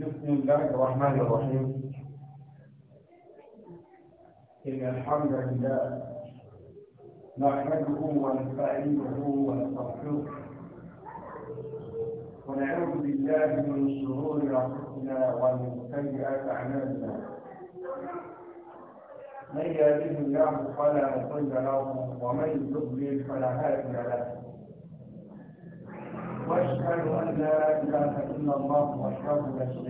بسم الله الرحمن الرحيم إن الحمد لله نحمده ونستعينه ونستغفره ونعوذ بالله من شرور أنفسنا ومن سيئات أعمالنا من يهده الله فلا مضل له ومن يضلل فلا هادي له واشهد ان لا اله الا الله وحده لا شريك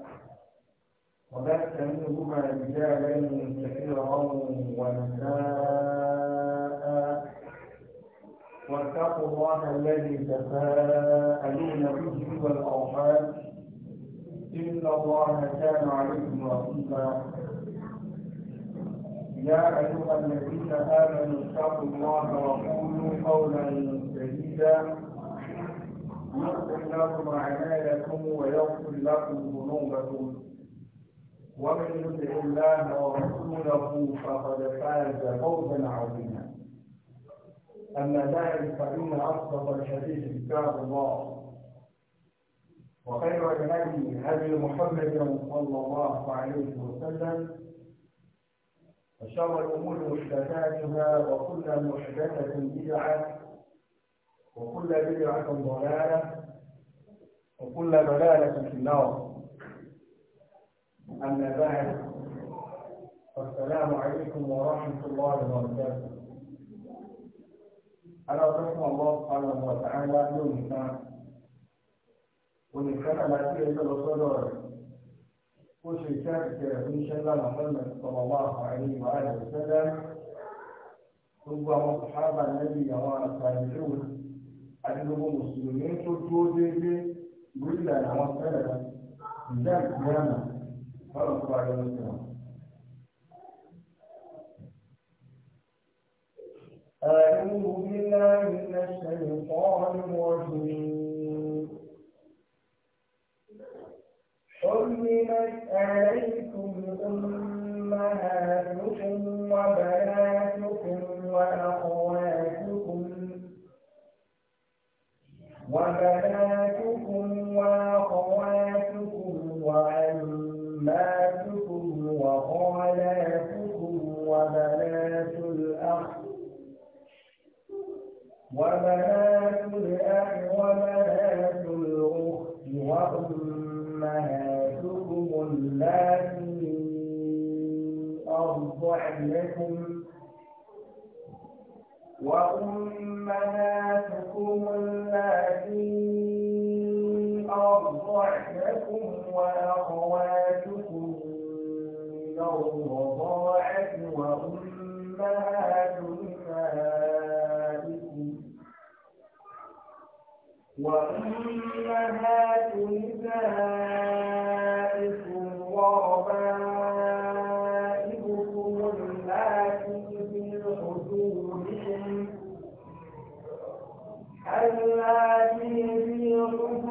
وبث منهما رجالا كثيرا ونساء واتقوا الله الذي تساءلون به والارحام ان الله كان عليكم رقيبا يا ايها الذين امنوا اتقوا الله وقولوا قولا سديدا يغفر لكم اعمالكم ويغفر لكم ذنوبكم ومن يطع الله ورسوله فقد فاز فوزا عظيما اما بعد فان اصدق الحديث كتاب الله وخير الهدي هدي محمد صلى الله عليه وسلم وشر الامور محدثاتها وكل محدثه بدعه وكل بدعه ضلاله وكل ضلاله في النار أما بعد فالسلام عليكم ورحمة الله وبركاته أنا أدركم الله سبحانه وتعالى يوم كان وإن على لا شيء صدر وشي شارك إن شاء الله محمد صلى الله عليه وآله وسلم ثم صحابة النبي والتابعون أنهم مسلمين تجوز به ولا نوصل لهم ذلك Fala com o barulho no final. أعوذ بالله من الشيطان الرجيم حرمت عليكم أمهاتكم وبناتكم وأخواتكم وبناتكم وأخواتكم وأخواتكم أولادكم وخالاتكم وبنات الأخ وبنات الأخ وبنات الأخت وأمهاتكم اللاتي أرضعنكم وأمهاتكم اللاتي أرضعنكم وأخواتكم أكثرهم وضاعت وأمهات نسائكم وأمهات نسائكم وربائبكم اللاتي في حجوركم اللاتي في حجوركم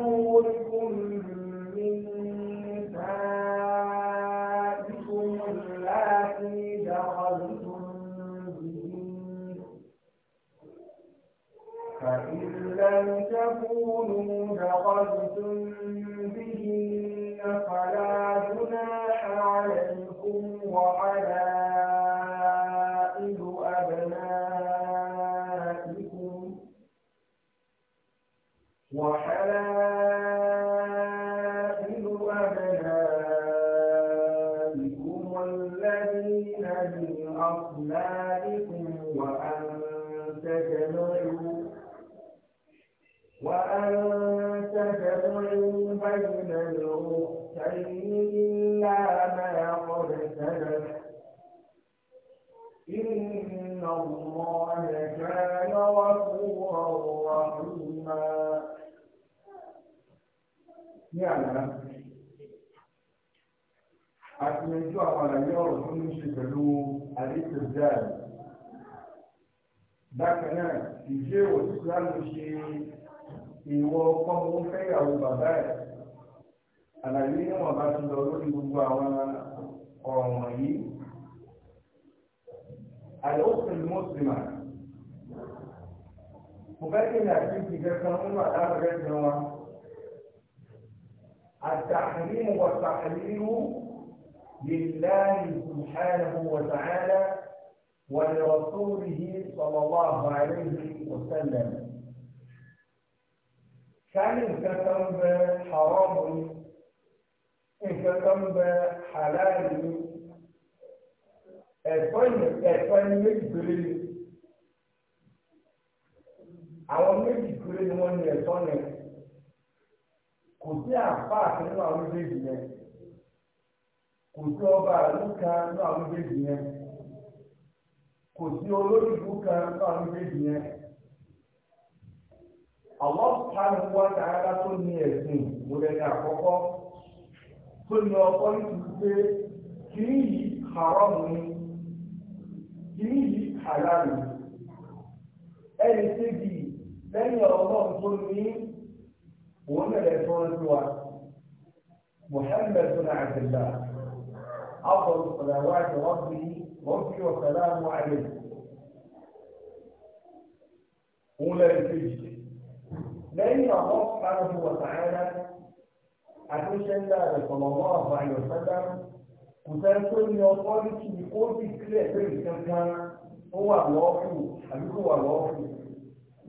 اعترفتم بهن فلا جناح عليكم وعلى بين الأختين إلا ما قد سلف إن الله كان غفورا رحيما يعلم àtìlẹ́jọ́ àwọn àlàyé ọ̀rọ̀ tó ní ṣe pẹ̀lú àdékòjáde bákan náà ìjẹ́ òṣìṣẹ́ ìwọ ọkọ mo fẹ́ ìyàwó bàbá ẹ̀ àlàyé níwọ̀n bá ti lọ lórí gbogbo àwọn ọ̀ràn yìí àlọ́sùn ni mùsùlùmá mo fẹ́ kí ni àti ìgbẹ́ kan nínú àdáwọ̀ rẹ̀ ti wọn التحريم والتحليل لله سبحانه وتعالى ولرسوله صلى الله عليه وسلم káàní nǹkan tó ń bẹ haramu ni nǹkan tó ni àwọn méjì péré ni wọ́n ní ẹ̀fọ́ yẹn kò sí àfáà nínú àwọn méjèèjì yẹn kò sí ọba àlú nínú àwọn méjèèjì yẹn kò sí olórí ìlú kan nínú àwọn subhanahu wa ta'ala tó ní ẹ̀sìn ìwòlẹ́ni àkọ́kọ́ tó ní ọkọ́ nítorí pé kìí yìí haram ni kìí yìí halal ni ẹni tẹ́bi lẹ́yìn ọlọ́run tó ní òun lẹ̀lẹ̀ tó ń lọ Muhammad bin Abdullah afọlù sọ̀làwà àti rọ́bì rọ́bì ọ̀sálàmù àlè òun lẹ́yìn tẹ́bi na àwọn ọ̀pọ̀lọpọ̀ fún wọ̀tà ẹ̀rá àtúnṣe ńlá rẹ̀ sọ̀lọ́mọ́ àwọn àyọ̀sẹ́dá kò sẹ́ni tó ní ọkọ́ ní kí ni ó sì kílẹ̀ pé ìkẹ́kàn ó wà lọ́ọ̀fù àbí kò wà lọ́ọ̀fù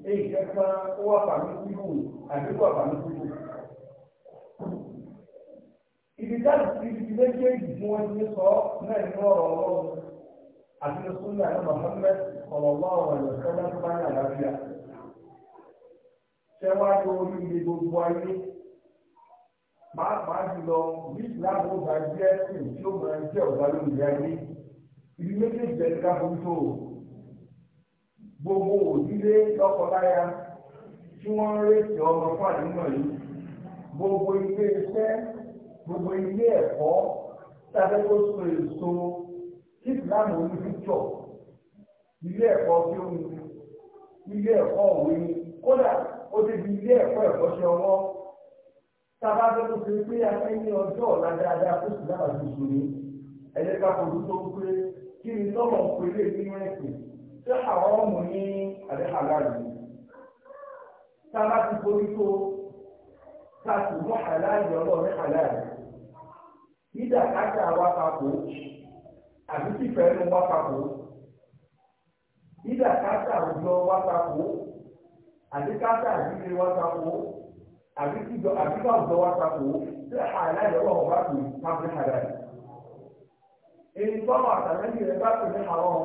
èyí kẹ́kàn ó tẹ́wájú orí ilé gbogbo ayé pàápàá jùlọ bí ìsìláàmù ọba jẹ́ ẹ̀sìn tí ó máa ń jẹ́ ọ̀gá lórí ayé ìlú méjèèjì ẹ̀ka fún tó gbogbo òdílé lọ́kọláya tí wọ́n ń rèsì ọmọ fún àdúgbò yìí gbogbo ilé iṣẹ́ gbogbo ilé ẹ̀kọ́ tàbí kó so èso tí ìsìláàmù olùdíjọ ilé ẹ̀kọ́ tí ó ń ilé ẹ̀kọ́ òwe kódà ó débi ilé ẹ̀kọ́ ẹ̀kọ́ ṣe ọwọ́ sábà tó tó ṣe pé akẹ́yìn ọjọ́ ọ̀la dáadáa tó sì dára ju ìṣòro ẹ̀jẹ̀ ká fojú tó ń pé kí ni tọ́lọ̀ ń pè lé nínú ẹ̀sìn ṣé àwọn ọmọ ní àdé àlàyé sábà ti fojú tó ká sì mọ́ àlàyé ọlọ́ọ̀rẹ́ àlàyé nígbà kájà wa papọ̀ àbí fífẹ́ nu wa papọ̀ nígbà kájà òjò wa papọ̀ àbí káṣá àbíkiri wá sako àbí kíjọ àbí káwùjọ wá sako ṣé àlá ìyọ̀wọ̀ ọ̀gá tó tábìlì àdá yìí. èyí tọ́lọ̀ àtàlẹ́yìn rẹ̀ bá pè ní àwọn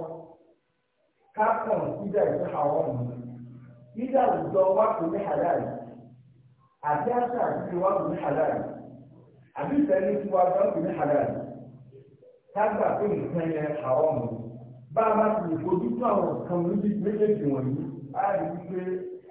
kápọ̀n ìdá ìdá àwọn ọ̀nà ìdá àwùjọ wá pè ní àdá yìí àbí àṣà àbíkiri wá pè ní àdá yìí àbí ìfẹ́ni tí wá gbọ́n pè ní àdá yìí tágbà pé nǹkan yẹn àwọn ọ̀nà bá a bá ti lè fojú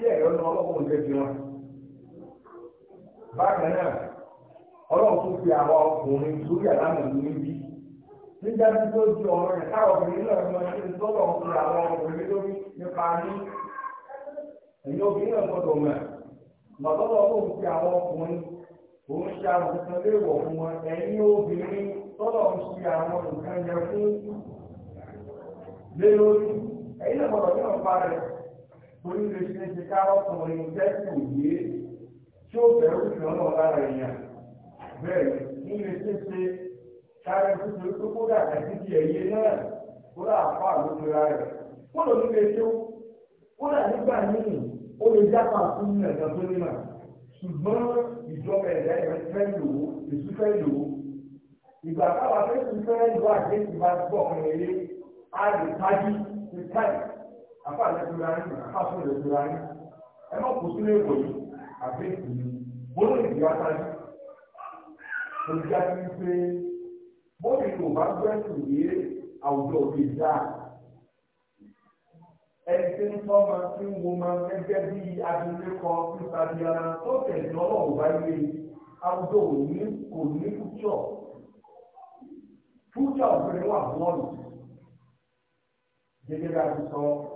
tí dị Bákan náà, ọlọ́run tún fi àwọn ọkùnrin lórí àlámọ̀ níbí. Nígbà tí tó di ọ̀rọ̀ rẹ̀ káwọn tọ́lọ̀ àwọn ọkùnrin lórí nípa ní. obìnrin náà gbọ́dọ̀ mọ̀. Màtọ́lọ́ fi àwọn ọkùnrin òun ṣe léèwọ̀ fún wọn. obìnrin tọ́lọ̀ àwọn fún náà gbọ́dọ̀ torí lè ṣe é ṣe káwọ́ ọkùnrin tẹ́sùn yìí tí ó bẹ̀rù ìrànlọ́ lára èèyàn bẹ́ẹ̀ ní lè ṣe ṣe káwọ́ ìfúnṣe tó kó dàgbà títí ẹ̀yẹ náà kó dà fà lójú ra rẹ̀ kó lò ní lè ṣe ó kó dà nígbà míì ó lè jápa fún ẹ̀dá tó nímọ̀ ṣùgbọ́n ìjọba ẹ̀dá ẹ̀rọ fẹ́ lò ó èsù fẹ́ lò ó ìgbà táwa fẹ́ tún fẹ́ lọ àdéhùn bá gbọ́ ọ̀rẹ́ á lè kájú ní káyìí àfa àlẹ́dúrà yín àfa fún ìlẹ́dúrà yín ẹ má kó sílé ìwò yìí àbí ìlú bólú ìdí atájú olùdarí pé bóyá ìlú bá gbẹ́sùn yé àwùjọ òbí dáa ẹni tí ń tọ́ máa ti ń wo máa gẹ́gẹ́ bí abilékọ nípa bí ara tó tẹ̀lé ọlọ́run bá yé àwùjọ òní kò ní kútsọ̀ kútsọ̀ wà bọ́ọ̀lù gẹ́gẹ́ bí a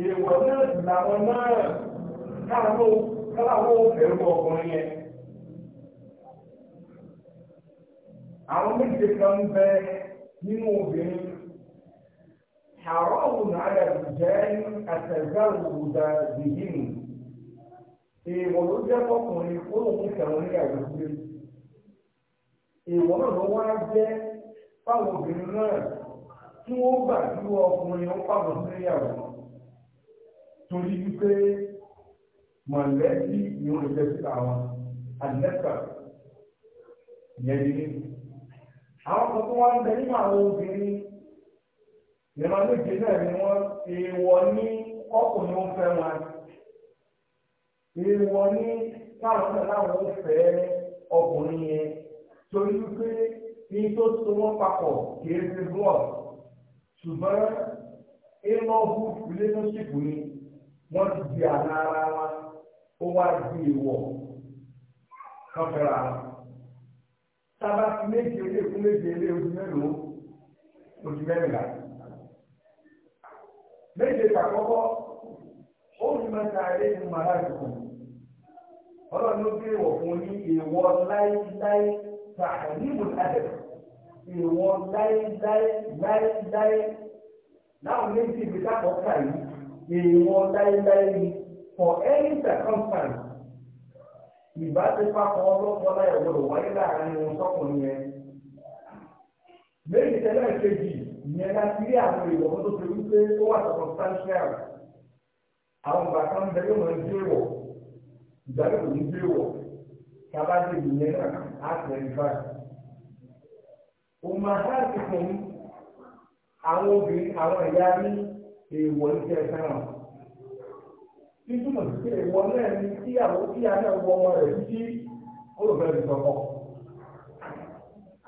èèwọ̀ náà sì làwọn náà káàmọ́ káàmọ́ ẹ̀rọ ọkùnrin yẹn. àwọn méje kan ń bẹ nínú obìnrin àrọ́wù náà yàtọ̀ jẹ́ àtẹ̀gbàwò dàbíyìn èèwọ̀ ló jẹ́ fọkùnrin ó lóun kẹwọn ní àgbègbè èèwọ̀ náà ló wá jẹ́ fáwọn obìnrin náà tí wọ́n gbà tí ọkùnrin ó pàmò sí ìyàwó torí wípé mọ̀lẹ́bí ni wọ́n jẹ́ síta wọn àdínẹ́kà ìyẹn ni ní. àwọn kan tó wọ́n ń bẹ nínú àwọn obìnrin ìran méje náà ni wọ́n èèwọ̀ ní ọkùnrin ó fẹ́ wọn èèwọ̀ ní káwọn náà láwọn ó fẹ́ ọkùnrin yẹn torí wípé ní tó so wọ́n papọ̀ kìí ṣe blọọ ṣùgbọ́n inú ọ̀hún relationship ni. wọ́n ti di àná ara wọn ó wá di ìwọ̀ kan fẹ́ra sábà ti méje ilé fún méje ilé oṣù mélòó oṣù mẹ́rìnlá. méje ó ní mẹ́ta ilé ní ọlọ́run ló gbé ìwọ̀ fún ní láíláí láíláí láíláí láwọn méjì èèwọ̀ láíláí ni for any circumstance ìbáṣepapọ̀ ọlọ́pàá láyọ̀ gbọdọ̀ wáyé láàrin wọn sọ́kùnrin yẹn. méjì tẹ́lẹ̀ kejì ìyẹn láti rí àwọn èèwọ̀ tó ti wípé ó wà circumstantial àwọn ìgbà kan bẹ yóò máa ń dé wọ̀ ìgbà yóò ní dé wọ̀ tábà dé ìyẹn náà á tẹ̀lé báyìí. òun máa dá àtìkùn àwọn obìnrin àwọn ìyá yín èèwọ̀ ní kẹ́ ẹ sí pé èèwọ̀ ni kí àwọn kí a náà wọ ọmọ rẹ̀ títí ó lò fẹ́ẹ́ fi sọ́kọ̀.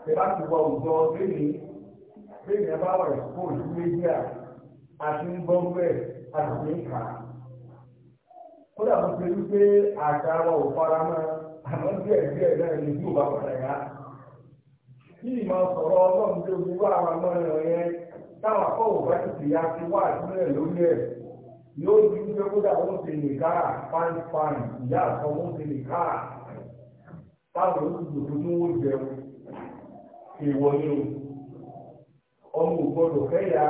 Ṣé ti wọ òjò lẹ́yìn lẹ́yìn ẹ bá wà rẹ̀ kó ojú méjì à àti ń gbọ́n bẹ́ẹ̀ àti ń kà á. Kódà mo wípé àṣà wa ò fara mọ́ àmọ́ díẹ̀ díẹ̀ náà ni bí ò bá padà yá. Bí ìmọ̀ sọ̀rọ̀ ọlọ́run tó gbogbo àwọn ọmọ rẹ̀ yẹn táwọn akọ́wò bá ti tìyà ti wá àdúrẹ́ lórí ẹ̀ yóò di wípé kódà wọ́n ti lè ká fáìfáì ìyá àtọ́ wọ́n ti lè ká táwọn olùdókòwò ní wọ́n jẹun èèwọ̀ ni o ọmọ ò gbọdọ̀ fẹ́ yá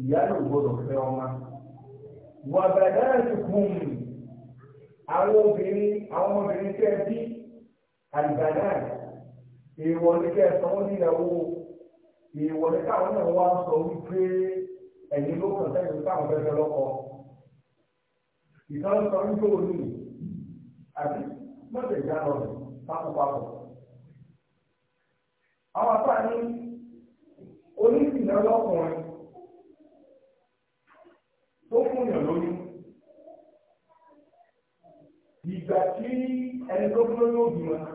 ìyá ló gbọdọ̀ fẹ́ ọmọ wà bàdá ti kùn àwọn obìnrin àwọn obìnrin tẹ́ bí àlùbàdà èèwọ̀ ni kẹ́ ẹ̀ sanwó níyàwó ìwọ ní káwọn náà wá sọ wípé ẹ̀yin ló kàn sẹ́yìn táwọn fẹ́fẹ́ lọ́kọ. ìtàn sọ wípé òní àti mọ́tẹ̀ ìjà lọ rẹ̀ pápápápọ̀. àwọn apá ní onísìnà lọ́kùnrin tó fún yàn lóyún. ìgbà tí ẹni tó fún lóyún òbí wọn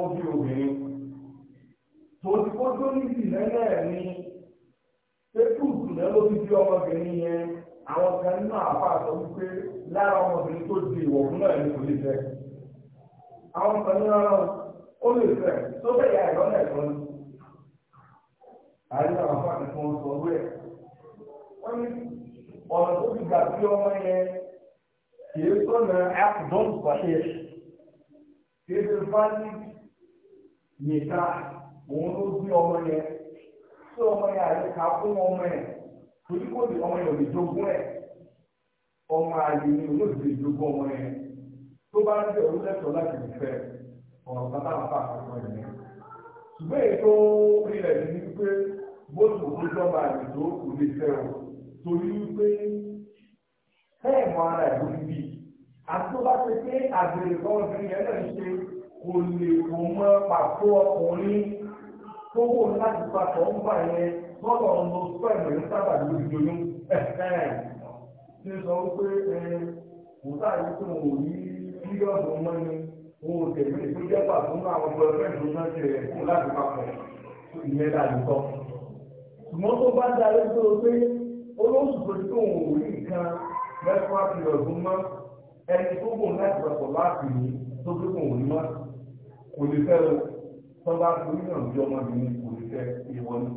ó obìnrin tòun ti kó tó ní ìsìnlẹ̀ náà ni pépù ìsìnlẹ̀ ló fi di ọmọbìnrin yẹn àwọn kan nínú àpá àtọ́ wípé lára ọmọbìnrin tó di ìwọ̀kún náà ni kò lè fẹ́ àwọn kan nínú ara ó lè fẹ́ tó bẹ̀ yà ìrọ́lẹ̀ ẹ̀kọ́ ni àyè àwọn afáàkì fún ọ sọ wẹ́ẹ̀ wọ́n ní ọ̀nà tó fi gbà sí ọmọ yẹn kì í sọ̀nà àkùdọ́ǹtì pàṣẹ kì í ṣe fáńtì nìkan òun ló bí ọmọ yẹn tí ọmọ yẹn àyíká fún ọmọ yẹn torí kò lè ọmọ yẹn ò lè jogún ẹ̀ ọmọ àyè ni olóògbé jogún ọmọ yẹn tó bá ń tẹ olùlẹ́tọ̀ láti fẹ́ ọ̀rọ̀ bàbá àpá àkọ́kọ́ yẹn ṣùgbọ́n ètò ilẹ̀ yìí ni pé bóòlù tó jọba àyètò kò lè fẹ́ o torí pé bẹ́ẹ̀ mọ ara ìlú níbí àti tó bá ṣe pé àgbèrè kan obìnrin yẹn náà ṣe kò lè kò mọ pàtó ọkùnrin kówó láti papọ̀ ń bà yẹn lọ́dọ̀ ọ̀nà sperm rẹ̀ sábà ló ti doyún ṣe sọ pé kò sáàyè tó wò ní mílíọ̀nù mọ́ni wo tẹ̀lé tó jẹ́ pàtó náà àwọn ọmọ ẹgbẹ́ ìlú náà ṣe rẹ̀ kó láti papọ̀ ìyẹn láti sọ. ṣùgbọ́n tó bá darí tó o pé olóṣù tó ti tó wò ní nǹkan mẹ́fà kìlọ̀dún mọ́ ẹni tó wò láti papọ̀ láti ní tó tó wò ní mọ́ kò lè fẹ́ tó bá torí náà bí kò ní fẹ́ ìwọ ni.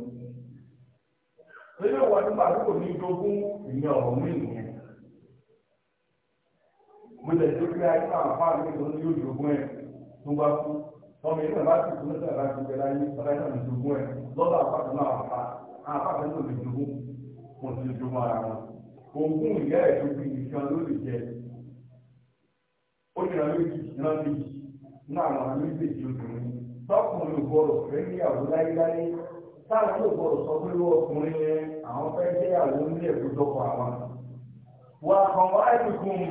Lẹ́yìn ìwà nígbà tí kò ní dógún ìyẹn ọ̀rọ̀ mí nìyẹn. Mo lè tó kí ayé máa fà mí lọ ní yóò ẹ̀ tó bá kú. Ọmọ ìlú bá ti kú nígbà láti bẹ láyé ọ̀rẹ́ náà ní dógún ẹ̀ lọ́dọ̀ àpáta náà wà fà. Àpáta náà lè dógún. Mo ti dógún ara wọn. Ògùn ìyá ẹ̀ tó fi nìkan ló lè jẹ. Ó ní àwọn tọkùnrin ògbọ́rọ̀ fẹ́ níyàwó láyéláyé táwọn ògbọ́rọ̀ sọ pé wọ́n ọkùnrin yẹn àwọn fẹ́ jẹ́yàwó nílé ẹ̀kọ́ tọkọ àwọn. wà á kàn wá ẹ̀dùnkùn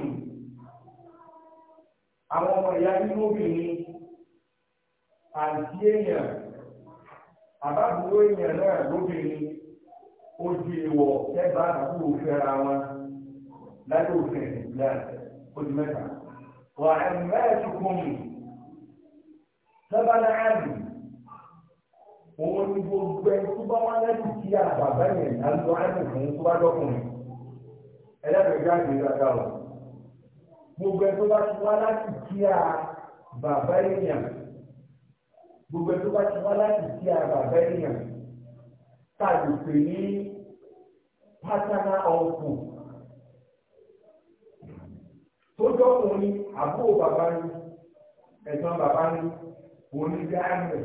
àwọn ọmọ ìyá nínú obìnrin àti èèyàn àbábúrò èèyàn náà lóbìnrin ojú ẹgbàá àbúrò wọn lábẹ́ òfin ìlú wà á sábàlá àbí òun ni gbogbo ẹni tó bá wá lẹ́yìn tí àbàbá yẹn àlọ àbí fún tó bá dọ́kùnrin ẹlẹ́gbẹ̀ẹ́ jáde dáadáa o gbogbo ẹni tó bá ti wá láti tí àbàbá yẹn gbogbo ẹni tó bá ti wá láti tí àbàbá yẹn tàbí pè ní pátánà ọ̀pọ̀ tó dọ́kùnrin àbúrò bàbá ni ẹ̀gbọ́n bàbá ni onídàáyé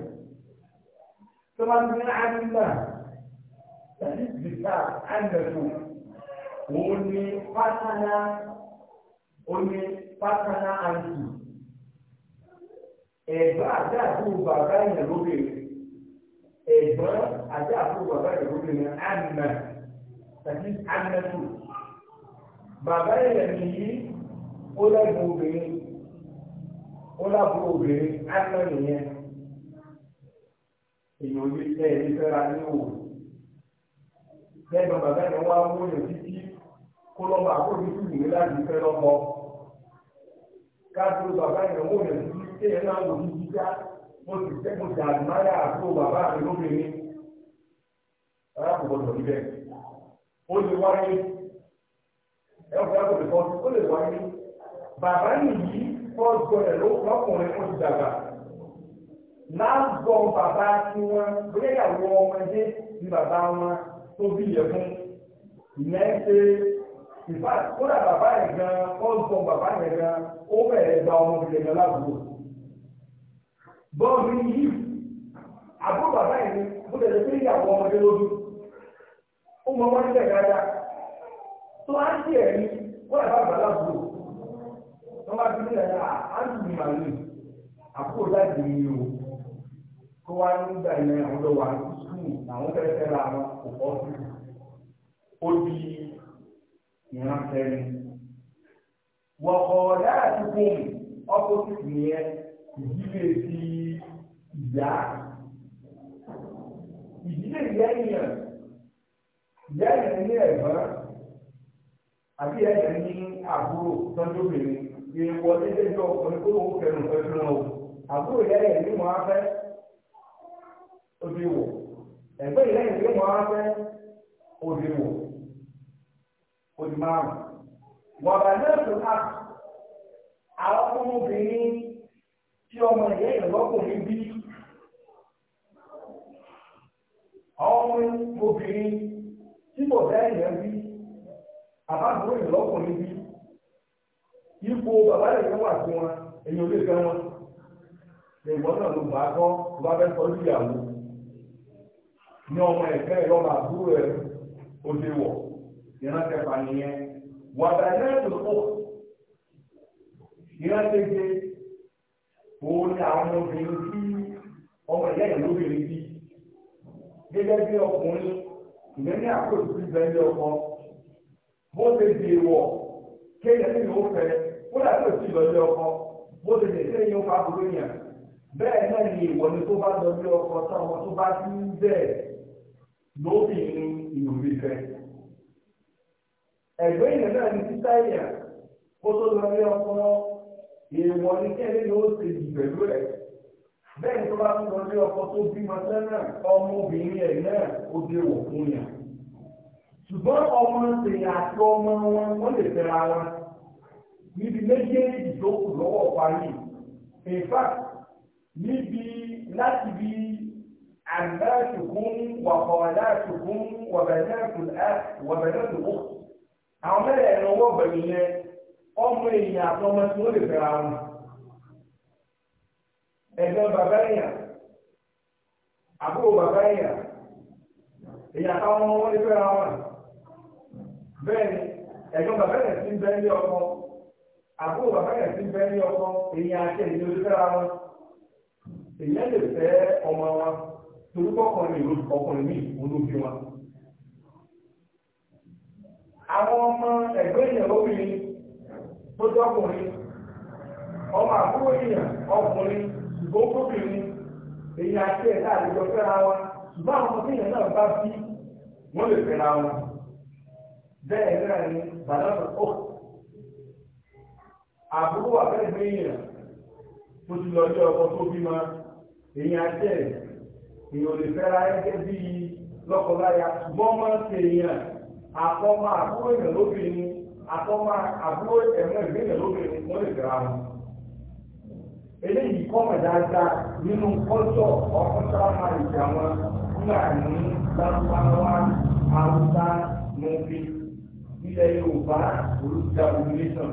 tó bá ti ní àmà tàbí bìtà àmẹ̀tò òun ni pátánà òun ni pátánà àǹtì ẹ̀gbọ́n àti àbúrò bàbá yẹn lóbìnrin ẹ̀gbọ́n àti bàbá yẹn lóbìnrin àmà tàbí àmẹ̀tò bàbá yẹn nìyí ó lẹ́gbọ̀n obìnrin ó lábúrò obìnrin ápẹ́ nìyẹn èèyàn lè tẹ́ ẹni fẹ́ra ní òwò lẹ́nu bàbá yẹn wá mú èèyàn títí kó lọ́mọ àkóso ìlú mi láti fẹ́ lọ́mọ káàdúró bàbá yẹn mú èèyàn títí téèyàn náà wò ní jíjá mo sì fẹ́ mo sì àdìmáyà àbúrò bàbá mi lóbìnrin rárá kò gbọdọ̀ níbẹ̀ ó lè wáyé ẹ ò fẹ́ kó lè kọ́ ó lè wáyé bàbá nìyí first born ẹ̀ ló lọ́kùnrin ó ti dàgbà last born bàbá tí wọ́n bóyá ìyàwó ọmọdé ni bàbá wọn tó bí yẹ fún ìyẹn ṣe ìfà kódà bàbá yẹn gan first born bàbá yẹn gan ó bẹ̀rẹ̀ gba ọmọbìnrin gan lábúrò bọ́ọ̀lù yìí àbúrò bàbá yẹn ni bó tẹ̀lé pé ìyàwó ọmọdé lójú ó mọ ọmọdé tẹ̀ dáadáa tó á ń tiẹ̀ kódà bàbá lábúrò. wọ́n wá sí nílẹ̀ náà áńtì màlúù àkókò láti ní o tó wá nígbà yẹn àwọn lọ wà sùkúù àwọn fẹ́ ra àwọn sí ó di ìran wọ̀kọ̀ fún ìdílé ti ìyá ìdílé ìyá ènìyàn ìyá ènìyàn ní ẹ̀gbọ́n àbí ní àbúrò tọ́jú obìnrin. ìwọ nílé ìjọ ọkùnrin kó lóun kẹrù pẹ̀lú náà o àbúrò ìyá ẹ̀ ní wọn á fẹ́ ó ti wọ̀ ẹ̀gbẹ́ ìyá ẹ̀ ní wọn á fẹ́ ó ti wọ̀ ó ti máa rùn. wàbà náà tó ká àwọn ọmọbìnrin tí ọmọ ìyá ẹ̀ lọ́kùnrin bí ọmọbìnrin tí bọ̀dá ẹ̀ yẹn bí àbábúrò ìlọ́kùnrin bí ipò bàbá rẹ̀ wà fún wọn èyí ò lè fẹ́ wọn ìwọ náà ló bá kọ́ ló bá fẹ́ tọ́jú ìyàwó ní ọmọ ẹ̀fẹ́ ìlọ́ba àbúrò ẹ̀ ó ti wọ̀ ìran kẹfà nìyẹn wàdà yẹn tó kọ́ ìran kéde òun ni àwọn obìnrin tí ọmọ ìyá ìlú obìnrin bí gẹ́gẹ́ bí ọkùnrin ìgbẹ́ ní àkóso ìgbẹ́ ní ọkọ bó ṣe dè wọ̀ kéèyàn ní ìwọ fẹ́ kódà tí ò sí lọ́jọ́ ọkọ bó ti lè ṣe yín fa burú yàn bẹ́ẹ̀ náà ni ìwọ tó bá lọ́jọ́ ọkọ táwọn tó bá ti ń bẹ̀ lóbìnrin ìlú fífẹ́ ẹ̀gbẹ́ ìyẹn náà ni títà yàn kó tó lọ́jọ́ ọkọ ìwọ kẹ́lẹ́ yóò ṣe jù pẹ̀lú ẹ̀ bẹ́ẹ̀ tó bá ń lọ́jọ́ ọkọ tó bímọ sẹ́nà ọmọbìnrin ẹ̀ náà ó dé wọ̀ fún yàn ṣùgbọ́n ọmọ ṣèyàn àti ọmọ wọn wọ́n lè fẹ́ra wọn níbi méjèèjì tó kù lọ́wọ́ parí in fact níbi láti bí àgbàtùkún wàkọ̀ọ̀dàtùkún wàbẹ̀dàtùkún àwọn mẹ́rẹ̀ ẹ̀rọwọ́ bẹ̀rù yẹn ọmọ èèyàn àtọmọ tí ó lè fẹ́ra wọn ẹ̀gbọ́n bàbá èèyàn àbúrò bàbá èèyàn èèyàn àtàwọn ọmọ wọn lè fẹ́ra wọn bẹ́ẹ̀ ni ẹ̀gbọ́n bàbá èèyàn ti ń bẹ́ẹ̀ ní ọkọ àbúrò bàbá yẹn ti bẹ ní ọkọ èèyàn àti ẹ̀yìn lórí fẹ́ra wọn èèyàn lè fẹ́ ọmọ wọn torí kọkùnrin ìlú ọkùnrin míì olóbi wọn. àwọn ọmọ ẹgbẹ́ èèyàn lóbìnrin tó dọ́kùnrin ọmọ àbúrò èèyàn ọkùnrin ṣùgbọ́n kóbìnrin èèyàn àti ẹ̀dá àlejò fẹ́ra wọn ṣùgbọ́n àwọn ọmọ téèyàn náà bá bí wọ́n lè fẹ́ra wọn. bẹ́ẹ̀ náà ni bàbá ọ̀hún àbúrò àfẹ́fẹ́ èèyàn tó ti lọ sí ọkọ tó bímọ èèyàn àtẹ èèyàn lè fẹ́ra ẹgbẹ́ bí lọ́kọláya ṣùgbọ́n máa ń ṣe èèyàn àtọ́mọ àbúrò èèyàn lóbìnrin àtọ́mọ àbúrò ẹ̀mọ́ ìgbé èèyàn lóbìnrin wọ́n lè fẹ́ra wọn. eléyìí kọ́mọ̀ dáadáa nínú kọ́jọ́ ọkọ̀ sáwọn àìjà wọn nígbà ní lárúbáwá haúsá mọ́bí ilẹ̀ yorùbá olùdarí nation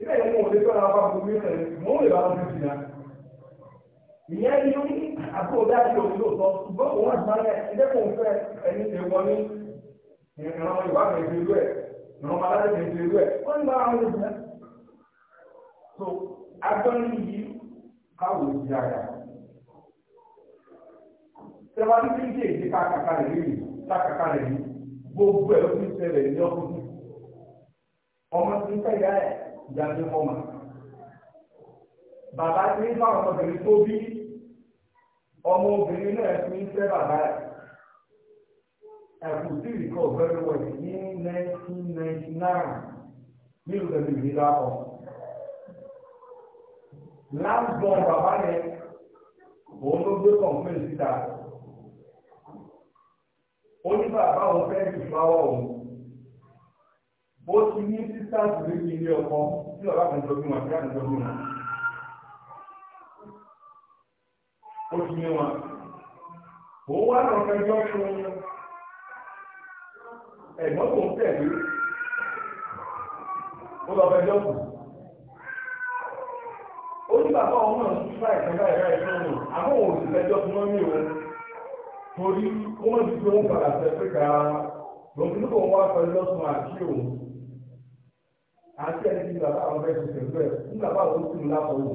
ilé yẹn kò lè fẹ́ràn apá gbogbo yẹn rẹ̀ mọ́ òun lè bá wọn fi yàn. ìyẹn ni ó ní àbúrò bí àti òun ló sọ ṣùgbọ́n òun àti máa ń rẹ̀ ilé kò ń fẹ́ ẹni ṣe wọ́n ní ìrànwọ́ ìwádìí ìṣe irú ẹ̀ ìrànwọ́ aládé ìṣe irú ẹ̀ wọ́n ń bá àwọn so agbọ́nrin yìí káwò di ara. sẹ́wọ́n ní kí èdè káàkàkà rẹ̀ lè káàkàkà rẹ̀ ní gbogbo ìyá tí ó kọ́mà bàbá tí ń bá ọmọbìnrin tó bí ọmọbìnrin náà fi ń fẹ́ bàbá ẹ̀ ẹ̀kú sí ìkọ́ very well ní 1999 nílùú tẹ̀lé ìgbéga ọ̀ láńgbọ̀n bàbá yẹn òun ló gbé kọ̀ǹpẹ́ǹ síta ó ní bàbá òun fẹ́ẹ́ fi fúláwọ́ òun ó ti ní sísáàtì lórí ilé ọkọ tí ọ̀rọ̀ àkànjọ bí wọn àti àkànjọ bí wọn ó ti ní wọn ó wá lọ fẹjọ́ fún ẹ̀gbọ́n tó ń tẹ̀lé ó lọ fẹjọ́ fún ó ní bàbá ọmọ náà tún fà ìpínlẹ̀ ẹ̀rọ ìṣòro àmọ́ òun sì fẹjọ́ fún wọn ní òun torí ó mọ̀ sí pé wọ́n padà sí ẹ̀fíkà lòun tí ó wá pẹ̀lú lọ́sùn àti òun àti ẹni tí bàbá àwọn fẹ́ tuntun bẹ́ẹ̀ fún bàbá àwọn tún lábọ̀wò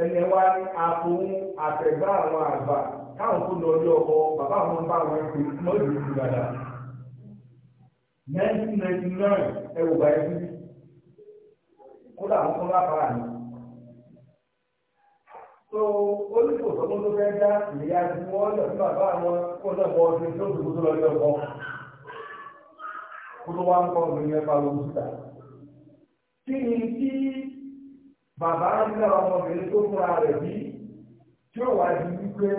ẹni ẹ wá ní àfọwọ́n àtẹ̀gbá àwọn àgbà káwọn tó lọ ilé ọkọ bàbá àwọn ń bá àwọn ẹ̀kọ́ lọ́dún ìlú dada nineteen ninety nine ẹ wò báyìí fún kódà àwọn tó lábàá ni. tó oníṣòwò tó tó fẹ́ dá ìyá tí wọ́n lọ sí bàbá àwọn kó náà bọ́ ọdún tó tó tó lọ ilé ọkọ kó tó wá ń kọ́ obìnrin ẹ̀fà ló ń síta. kí ni tí bàbá nígbà ọmọbìnrin tó múra rẹ̀ bí tí ó wà di wípé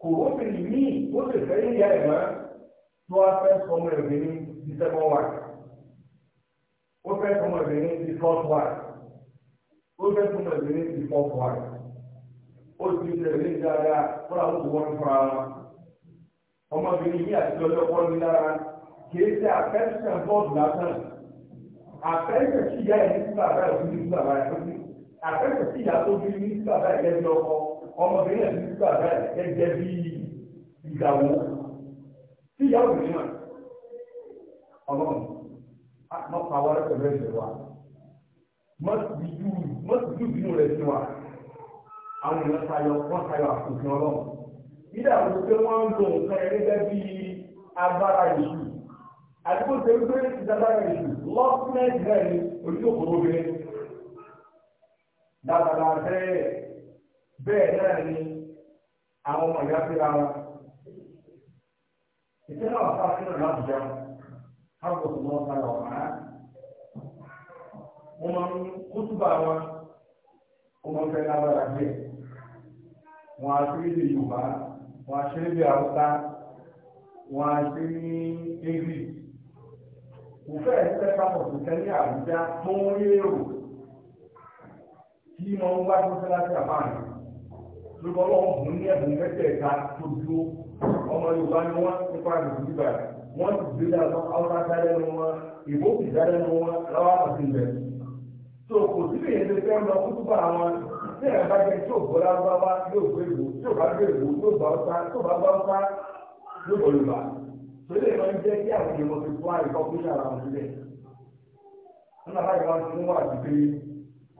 kò obìnrin míì ó lè fẹ́ yíya ẹ̀ mọ́ tó wá fẹ́ sọmọ ẹ̀bìnrin di sẹ́kọ̀n wà. ó fẹ́ sọmọ ẹ̀bìnrin di fọ́ọ̀tù wà. ó fẹ́ sọmọ ẹ̀bìnrin di fọ́ọ̀tù wà. ó ti ń tẹ̀lé dáadáa fúnra ó ti wọ́n fúnra wọn. ọmọbìnrin yìí àti ọjọ́ pọ́n lára kìí ṣe àfẹ́sẹ̀ bọ́ọ̀dù lásán àfẹ́sẹ̀ tí ìyá ẹ̀ a bàbá ẹ̀ ní bàbá ẹ̀ tó ní àfẹ́sẹ̀ tí ìyá tó bí ní bàbá ẹ̀ gẹ́gẹ́ ọkọ ọmọbìnrin ẹ̀ ní bàbá ẹ̀ gẹ́gẹ́ bí ìyàwó tí ìyá òbí náà ọlọ́run má pa wá pẹ̀lú ẹ̀ṣẹ̀ wa má ti dùn bínú rẹ̀ sí wa àwọn èèyàn tayọ wọn tayọ àkùnfin ọlọ́run ilé àwọn tó wọ́n ń lo nǹkan ẹgbẹ́ bíi agbára ìṣù àdúgbò tó ń gbé ìdábára ìlú lọ́sílẹ̀ rẹ̀ ní ojú òkúrò bẹ́ẹ̀. Dàbàdà bẹ́ẹ̀ bẹ́ẹ̀ náà ni àwọn ọmọ ìyá fẹ́ra wọn. Ìṣẹ́ náà fà sínú lábùjá, káàbọ̀ tó wọ́n sára wọn kò fẹ́ ẹ̀sẹ̀ tó tẹ́ àbújá tó ń rí èrò ń wá tó sẹ́lá sí àbáyé lórúkọ ọlọ́run mú ní ẹ̀bùn mẹ́tẹ̀ẹ̀ta tó dúró ọmọ yorùbá ni wọ́n nípa àgbègbè bíbà wọ́n ti gbé dáadọ́ áwọ́tá dálẹ́ nu wọn ìbò kì dálẹ́ nu wọn lọ́wọ́ àpàtì rẹ̀ tó kò sí lè yẹn fẹ́ lọ kó túbọ̀ àwọn tí ẹ̀ bá jẹ tí ò bọ́ lábáwá yóò gbé ìbò tí ò bá gbé ìbò tí ò bá bá ọ̀tá yóò bọ̀ yorùbá Ìgbélé máa ń jẹ́ kí àwọn èèyàn ti fún àìkọ́ fún yàrá wọn sílẹ̀. Nínú àwọn ìwà tí wọ́n wà ní pé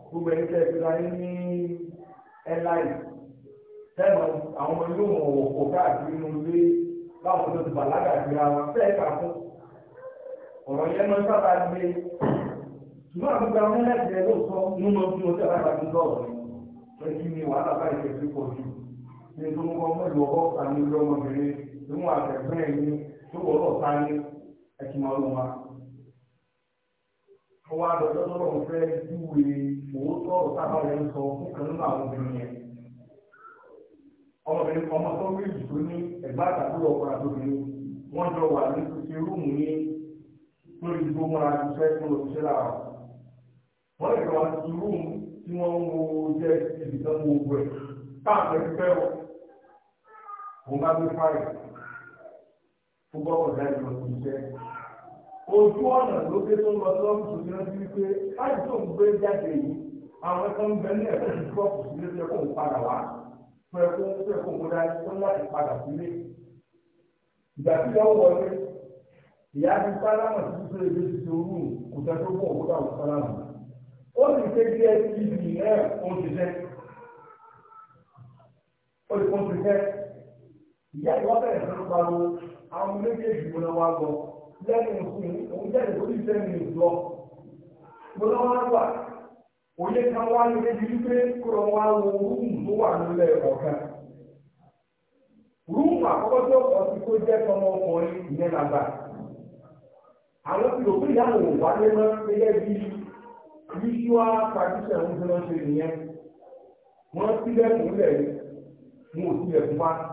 gbogbo ẹni tẹ́ fi láyé ní airline tẹ́lọ̀ àwọn ọmọ yóò wọ̀ wọ̀pọ̀ káàkiri nínú ilé báwọn tó ti bàlágà sí ara fẹ́ẹ̀ kà fún. Ọ̀rọ̀ yẹn máa ń gbé ṣùgbọ́n àgbègbè àwọn ẹlẹ́sìn ẹ̀ ló sọ nínú ọdún ọjọ́ àbájáde sọ̀rọ̀ pé kí ni wàhálà báyìí ṣe fi pọ̀ jù. tó wọ́n lọ sáré ẹtì máa lọ wá. tó lọ́wọ́ fẹ́ júwe òótọ́ sábà rẹ̀ ń sọ fún kan nínú àwọn obìnrin yẹn. ọmọbìnrin ọmọ tó rí ní ẹ̀gbá àtàkùrọ̀ ọkùnrin àtòbìnrin wọ́n jọ wà ní ti rúùmù ní lórí wọ́n lè lọ kó gbọ́dọ̀ dájú lọ sí iṣẹ́. ojú ọ̀nà ló dé tó ń lọ sọ́ọ̀mù tó yẹn sí pé láti tó ń gbé jáde yìí àwọn tó ń bẹ ní ẹ̀fọ́ ti gbọ́ kù sílé tó yẹ kó ń padà wá tó yẹ kó ń tó yẹ kó ń kó dájú tó ń láti padà sílé. ìgbà tí wọ́n wọlé ìyá ti sálámà tó tó ebi ti tó rú kò tẹ́ tó bọ̀ òkúta òkú sálámà. ó sì ké bí ẹtí ìdì náà ó ti jẹ́ ó ti kó ti jẹ́ ìyá ìwọ́n bẹ̀rẹ̀ sí ló pariwo àwọn méjèèjì mo lọ́wọ́ àgọ́ lẹ́nu ìfún òun jẹ́ ìfúnni sẹ́nu ìjọ mo lọ́wọ́ àgbà òye kan wá ní méjì wípé kúrò wá rúùmù tó wà nílẹ̀ ọ̀kan rúùmù àkọ́kọ́ tó kọ́ sí jẹ́ tọmọ ọkùnrin ìyẹn làgbà àwọn tí òkú lé mọ́ bí ń fi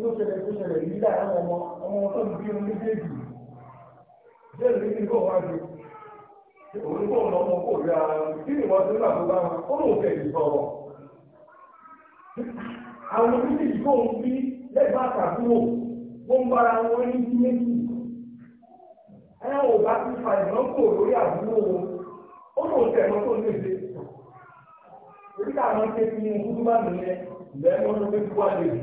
tó ṣẹlẹ̀ tó ṣẹlẹ̀ yìí láàárín ọmọ ọmọ ọmọ tó bí omi méjèèjì bẹ́ẹ̀ ní ní kò wá ju òun kò lọ ọmọ kò rí ara kí ni wọ́n ti sọ̀rọ̀ àwọn kò ń bí lẹ́gbàá wọ́n ń bára wọn ní bí méjì ò bá ti fa kò lórí àbúrò wọn tó lè ṣe ṣe fi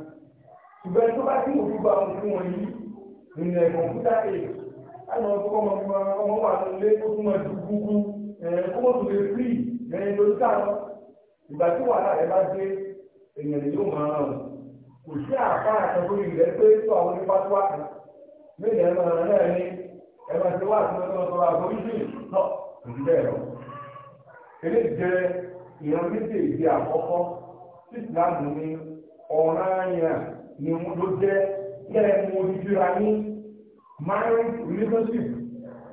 ṣùgbọ́n tó bá tí mo fi gba ohun fún wọn yìí ìrìnà kọ̀ǹpútà èyí láti wọn kọ́kọ́ mọ fún wọn ọmọ wà lé tó fún wọn ju gúgú kọ́mọ̀ tó lè rí ẹ̀yìn lórí sáà ìgbà tí wàhálà rẹ̀ bá dé èèyàn yóò máa ràn kò sí àpá àtàkùn ìrẹ́ pé tó àwọn onípa tó wà kan méjì ẹ̀rọ náà náà ní ẹ̀rọ tí wà tí wọ́n tọrọ àforíjì náà kò sí bẹ́ẹ̀ lọ. eléyìí jẹ́ ìran méjèèjì àkọ́kọ́ tí ìsìlámù ní ni wọn ló jẹ́ kẹ́rẹ́ mú ojúra ní marriage relationship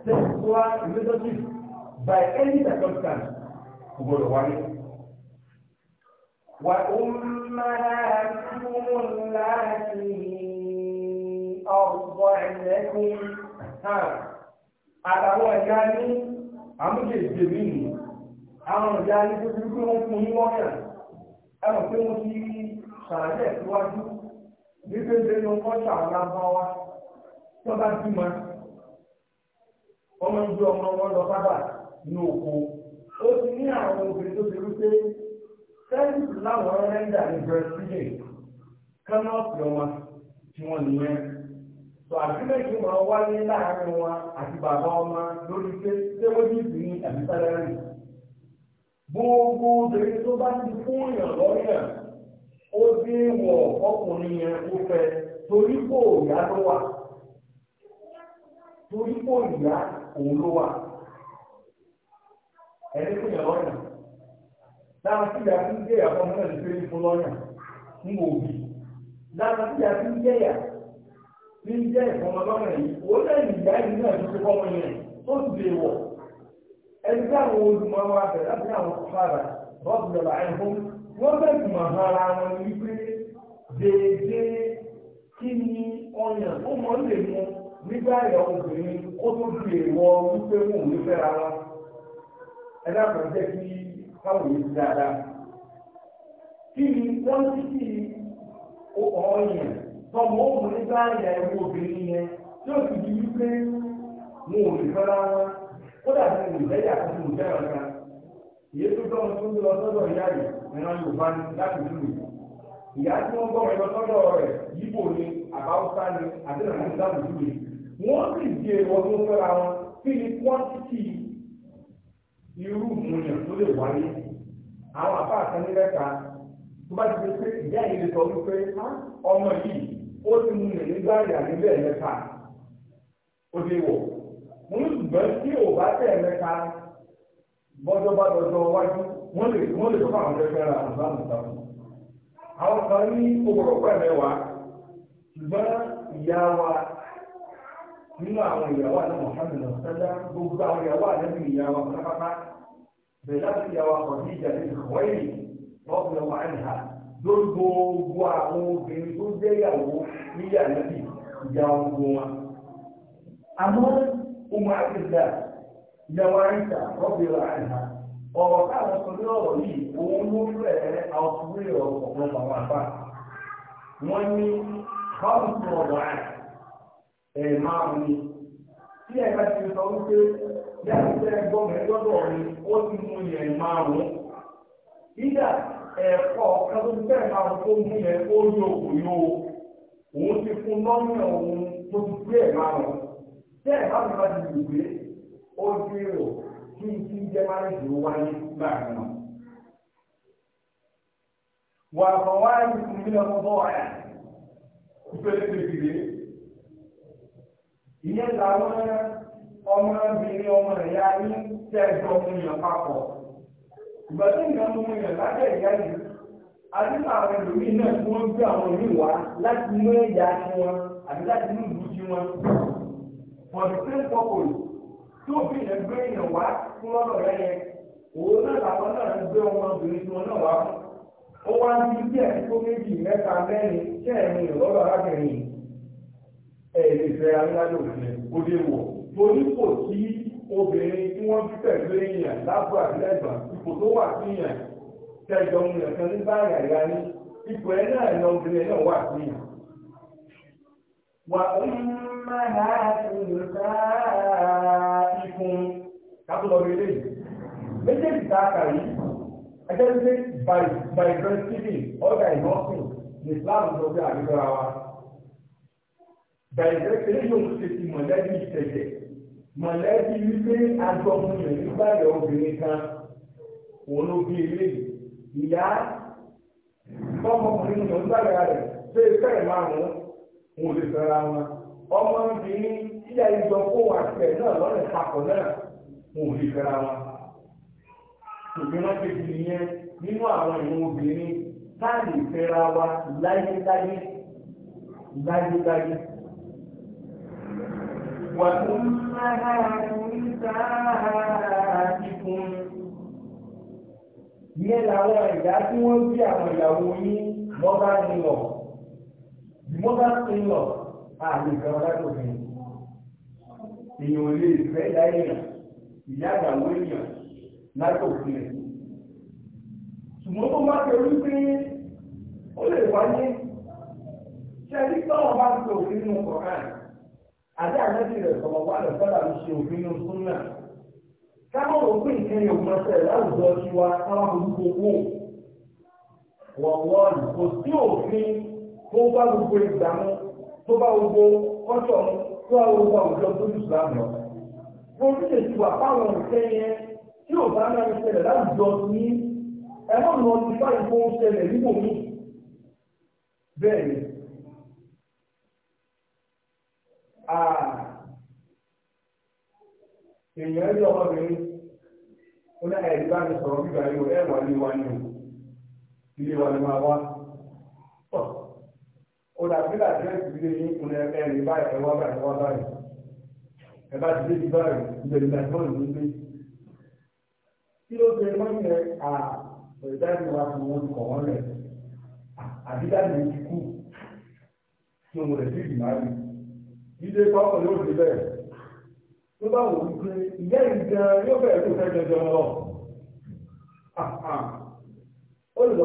sexual relationship by any circumstance kò gbọdọ̀ wáyé. wà á má túmọ̀ láti ọ̀pọ̀ ẹ̀lẹ́kùn àtàwọn ẹ̀yà ní àmúkèèdè mí nìyí àwọn ọ̀dá ní tó ti rí pé wọ́n fún ní wọ́n yàn ẹ̀rọ pé wọ́n ti ṣàlàyé ẹ̀síwájú nígbè dénú kọ́ṣà alábáwá tó bá bímọ ọmọ ìgbé ọmọ wọn lọ sábà ní oko ó ti ní àwọn obìnrin tó ti wípé sẹ́yìn láwọn rẹ́ńdà ní bẹ̀rẹ̀ kánọ́ọ̀pì ọmọ tí wọ́n nìyẹn tó àgbélẹ̀kì máa wáyé láàárín wọn àti bàbá ọmọ lórí pé tẹ́wọ́dì sí àbí sálẹ́rì gbogbo obìnrin tó bá ti fún ìrànlọ́yàn ó dé wọ ọkùnrin yẹn tó torí kò yá ló wà torí kò yá òun ló wà ẹni fún yàrá ọ̀nà lára tí ìyá tí ń jẹ́ ìyàwó ọmọ náà lè fún lọ́yà ń wò bí lára tí ìyá tí ń jẹ́ tí ń lọ́yà yẹn tó wọ́n bẹ̀rù màhara wọn wípé déédéé kí ni ọyàn ó mọ lè mú nígbà ẹ̀yà obìnrin tó di èèwọ̀ wípé wọn ò ní fẹ́ ra ẹ dábàá jẹ́ kí káwọn yìí dáadáa kí ni wọ́n ti kí ọyàn tọmọ nígbà ẹ̀wọ̀ obìnrin yẹn tí ó sì di wípé ìran yorùbá ní láti dùn mí ìyá tí wọ́n gbọ́ ẹ̀rọ sọ́dọ̀ rẹ̀ yíbò ni àbáwọ́sá ni àdéhùn àti láti dùn mí wọ́n sì di èrò ọdún fẹ́ra wọn kí ni quantity irú ìmúyàn tó lè wáyé àwọn àbá àtẹnilẹ́ka tó bá ti di pé ìyá yìí lè sọ wípé ọmọ yìí ó ti mú yàn nígbà yà nílẹ̀ ẹ̀mẹ́ta ó lè wọ̀ mo ní ṣùgbọ́n tí ò bá tẹ̀ ẹ̀mẹ́ta bọ́jọ́ bá wájú wọ́n lè wọ́n lè fún àwọn ẹgbẹ́ ara àbámu sáfù. Àwọn kan ní òwúrọ̀ pẹ́ mẹ́wàá ṣùgbọ́n ìyá wa nínú àwọn ìyàwó àti Mohammed Ọ̀sẹ́dá gbogbo àwọn ìyàwó àti ìyá wa pátápátá bẹ̀rẹ̀ láti ìyá wa kọ̀ sí ìjà lẹ́yìn ìwọ́yìn lọ́ọ̀bù ọmọ àìhà lórí gbogbo àwọn obìnrin tó jẹ́ ìyàwó níyà lẹ́bí ìyá gbogbo wọn. Àmọ́ ọmọ àti ìyá ìyàwó àìsà lọ́ọ̀bù ọmọ àìhà ọ̀rọ̀ káàkiri sọ ní ọ̀rọ̀ yìí òun ló rẹ̀ àwọ̀túwé ọ̀pọ̀ àwọn àbá wọ́n ní káàkiri ọ̀rọ̀ ẹ̀ máa ń ní tí ẹ̀ bá ti sọ wípé yàtí tẹ́ gbọ́mọ̀ lọ́dọ̀ mi ó ti mú yẹn máa mú ìdá ẹ̀kọ́ kẹtùtẹ́ máa tó mú yẹn ó yóò kò yóò òun ti fún lọ́nà òun tó ti gbé ẹ̀ máa mú tẹ́ ẹ̀ bá ti bá ti dùgbé ó dé rò kí n ti jẹ́ márùn-ún ló wáyé gbà náà. Wà á wá ìdíkùn nílẹ̀ ọmọ ọ̀yà ìpele kékeré. Ìyẹn làwọn ọmọbìnrin ọmọ ìyá yín tẹ́ ẹ̀jọ́ mú yàn papọ̀. Ìgbà tí ìyàn mú yàn lábẹ́ ìyá yìí, àdúgbò àwọn ẹlòmíín náà tí wọ́n gbé àwọn ìlú wá láti inú ẹ̀yà tiwọn àti láti inú ìlú tiwọn. For the same purpose, tí ó fi gbé wá fún lọ́dọ̀ rẹ yẹn òun náà làwọn náà ń gbé tí wọn náà wá fún ó wá ń bí díẹ̀ tó méjì mẹ́ta mẹ́rin kẹ́ẹ̀rin ìrọ́lọ́ arábìnrin yìí ẹ̀ẹ́dẹ̀fẹ́ aláyọ̀ ó wọ̀ torí kò sí obìnrin tí wọ́n fi kan ipò ẹ̀ náà obìnrin náà wà sí fún kápọ̀lọ́rọ̀ ilé yìí méjèèjì tá a kà yìí ẹjẹ́ pé by thanksgiving ọ̀gá ìmọ̀sìn ní Islam sọ pé àdúgbò wa by thanksgiving yóò ṣe ti mọ̀lẹ́bí ìṣẹ̀jẹ̀ mọ̀lẹ́bí wípé agbọ́mọyàn nígbà yẹ obìnrin kan òun ló bí ilé ìyá ọmọkùnrin nìyẹn nígbà yẹ rẹ̀ ṣé ìfẹ́ ìmọ̀ àwọn òun lè fẹ́ra wọn ọmọ obìnrin ilé ìjọ kó wà pẹ̀ náà lọ́nà papọ̀ náà mo ò lè fẹ́ra wọn. òfin wọn ti di yẹn nínú àwọn ìwọ̀n obìnrin tá a lè fẹ́ra wa láyéláyé láyéláyé. وأمهات نسائكم Ìyẹn làwọn ẹ̀dá tí wọ́n bí àwọn ìyàwó yín mọ́bá ń lọ. Mọ́bá ń lọ, àlè ìgbàlódé kò ní èèyàn ò lè fẹ́ dá èèyàn ìyá àgbàwọ èèyàn láti òfin ẹ̀. ṣùgbọ́n tó máa torí pé ó lè wáyé ṣe ní tọ́wọ́ bá ti òfin nù kọ̀ọ̀kan àti àmẹ́tì rẹ̀ sọ̀rọ̀ wà lọ sọ́dà ló ṣe òfin nù súnà. káwọn òfin ìkẹyìn ògùn ọ̀sẹ̀ láwùjọ ti wá káwọn orúkọ owó wọ̀wọ́ kò sí òfin tó bá gbogbo ìgbà mu tó bá gbogbo ọjọ́ mu tó àwọn ọgbà òjò tó ní ìsìlámù lọ. Wọ́n ti lè ti wà fáwọn ìfẹ́ yẹn tí ò bá náà ń ṣẹlẹ̀ láwùjọ ní ẹ̀rọ lọ ti báyìí kó ń ṣẹlẹ̀ nígbò mí. Bẹ́ẹ̀ ni, èèyàn rí ọmọbìnrin ó ní ẹ̀rí bá mi sọ̀rọ̀ bíbá yóò ẹ̀wà ní wa ní o, ilé wa ni máa wá ọ̀dà bí àdírẹ́sì bí lẹ́yìn ìpínlẹ̀ ẹ̀rìn báyìí ẹ̀wọ́ báyìí ẹ̀wọ́ báyìí ẹ̀bá ti débi báyìí ìbẹ̀rẹ̀ ìdájọ́rùn ló gbé kí ló ṣe wọ́n yẹ à ìdájọ́ wa fún wọn kọ̀ wọ́n rẹ̀ àbídájọ́ ti kú tí òun rẹ̀ sí ìmáàlì dídé pápọ̀ yóò dé bẹ́ẹ̀ tó bá wò ó pé ìyá ìgbà yóò bẹ̀rẹ̀ tó fẹ́ jẹjọ lọ ó lè lọ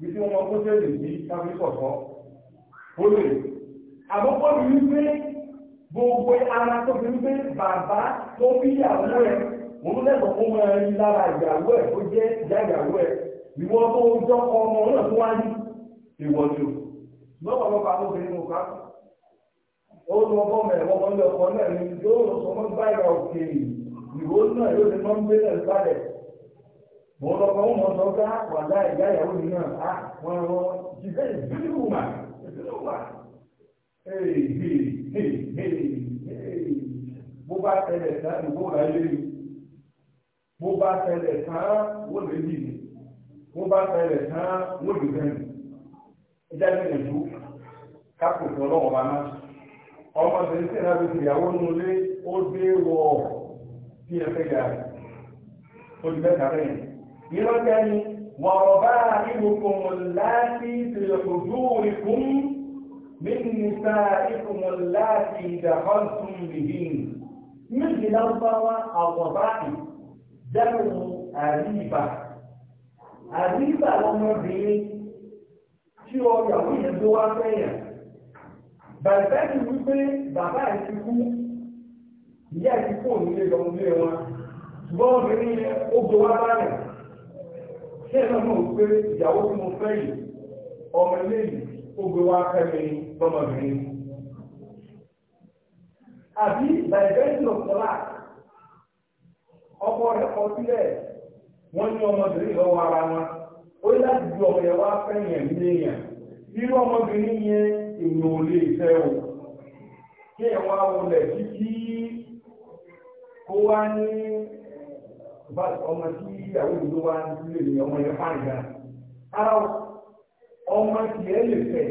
bí tí wọ́n mọ kó tẹ́lẹ̀ sí káfí kọ̀ọ̀kọ́ ó lè àkọ́kọ́ mi wípé gbogbo ara tó fi wípé bàbá tó bí ìyàwó ẹ̀ òun lẹ́sọ̀ fún ọmọ ẹni lára ìyàwó ẹ̀ tó jẹ́ ìyá ìyàwó ẹ̀ ìwọ tó jọ ọmọ náà tó wá ní ìwọ̀jù lọ́pọ̀lọpọ̀ àwọn obìnrin mọ̀ ká ó lọ bọ́ mẹ́rin ọmọ ilé ọkọ náà ni yóò sọ mọ́ báyà òkèèrè ìwọ náà yóò ti mọ́ ń gbé náà mo lọ kọ́ wọn sọ pé wà láì ìyá ìyàwó mi náà á wọn rọ jìbẹ́ ìbílẹ̀ wùmà ìbílẹ̀ wùmà bó bá tẹ̀lẹ̀ tán ìwó ra ilé mi bó bá tẹ̀lẹ̀ tán wọ́n lè dì mí bó bá tẹ̀lẹ̀ tán wọ́n lè bẹ́ẹ̀ mi ìjà ìgbìyànjú kápò tó lọ́wọ́ bá náà ọmọ tẹ̀lé tí ìrìnàjò ìyàwó nulẹ̀ ó dé wọ̀ bí ẹ fẹ́ gà ó di bẹ́ẹ̀ kàrẹ́yìn ìrọ́jẹ́ ni wọ̀rọ̀ bá ìrùkùn láti tìrìkùdúrìkùn mínísà ìrùkùn láti ìdàkọ́sùn bìhìn méjì lábáwá àwọ̀báì jẹ́rùn àríbà àríbà lọ́mọbìnrin tí ó yàwó ìdó wá fẹ́yà bàbá ti wípé bàbá ti kú ìyá ti kú òun lé lọ́mọbìnrin ṣé ẹ̀rọ náà pé ìyàwó tí mo fẹ́ yìí ọmọ ilé yìí ó gbé wá fẹ́mi lọ́mọbìnrin àbí diversion of class rẹ̀ kọ sílẹ̀ wọ́n ní ọmọbìnrin lọ́wọ́ ara wọn ó láti ọmọ fẹ́yìn ẹ̀mí irú ọmọbìnrin yẹn èèyàn ò lè fẹ́ o kí títí kó wá ní ọmọ tí ìyàwó ìlú wa ń lè ní ọmọ gan ara ọmọ tí ẹ lè fẹ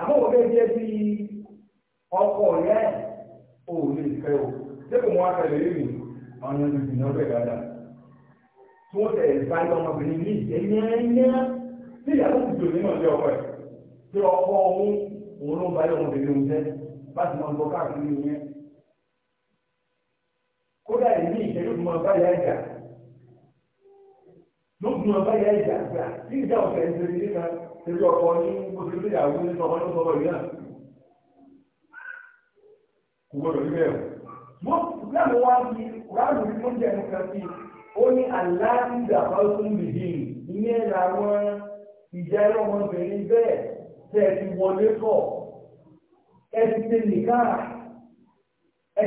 àmọ́ wọ́n bẹ́ẹ̀ bí ọkọ rẹ ò lè o wọn yìí ọbẹ̀ tí wọ́n tẹ̀ ẹ̀ báyìí ọmọbìnrin ní ìyẹn tí ìyàwó ìjọ ọjọ́ ẹ̀ tí ọkọ ọ̀hún òun ló ń báyìí ọmọbìnrin kódà èmi ìṣẹ́jú mọ báyà ìjà lókun mọ báyà ìjà gbà tí ìjà ọ̀fẹ́ ń tẹ̀lé nípa tẹ̀lé ọkọ ní ndị ilé ndị ní ọmọ ní ọmọ ìyá kò gbọdọ̀ ndị o. ndị láàmú ndị sí ndị ní oúnjẹ ó ní ìyẹn làwọn ìjà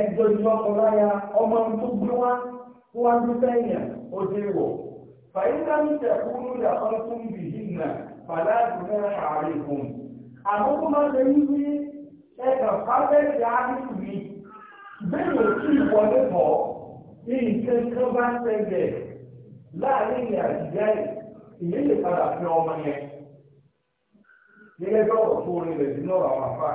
ẹjọ́ ìjọ ọ̀láyà ọmọ tó gbé wá tó wá ní sẹ́yìn ó dé wọ̀. fàyíká ní tẹ̀kúrú ìyàtọ̀ tó ń bì yìí nà fàláàdì náà àárẹ̀ fún un. àmọ́ tó máa lè ní bí ẹ̀ka fáfẹ́ẹ̀sì àdìsù mi bẹ́ẹ̀ ò tí ì wọlé bọ̀ ní nǹkan kan bá ń tẹ̀lẹ̀ láàrin ìyà ìjẹ́ ìyẹn lè padà fi ọmọ yẹn. gẹ́gẹ́ bí ọ̀rọ̀ tó rinlẹ̀ sí náà àwọn àfáà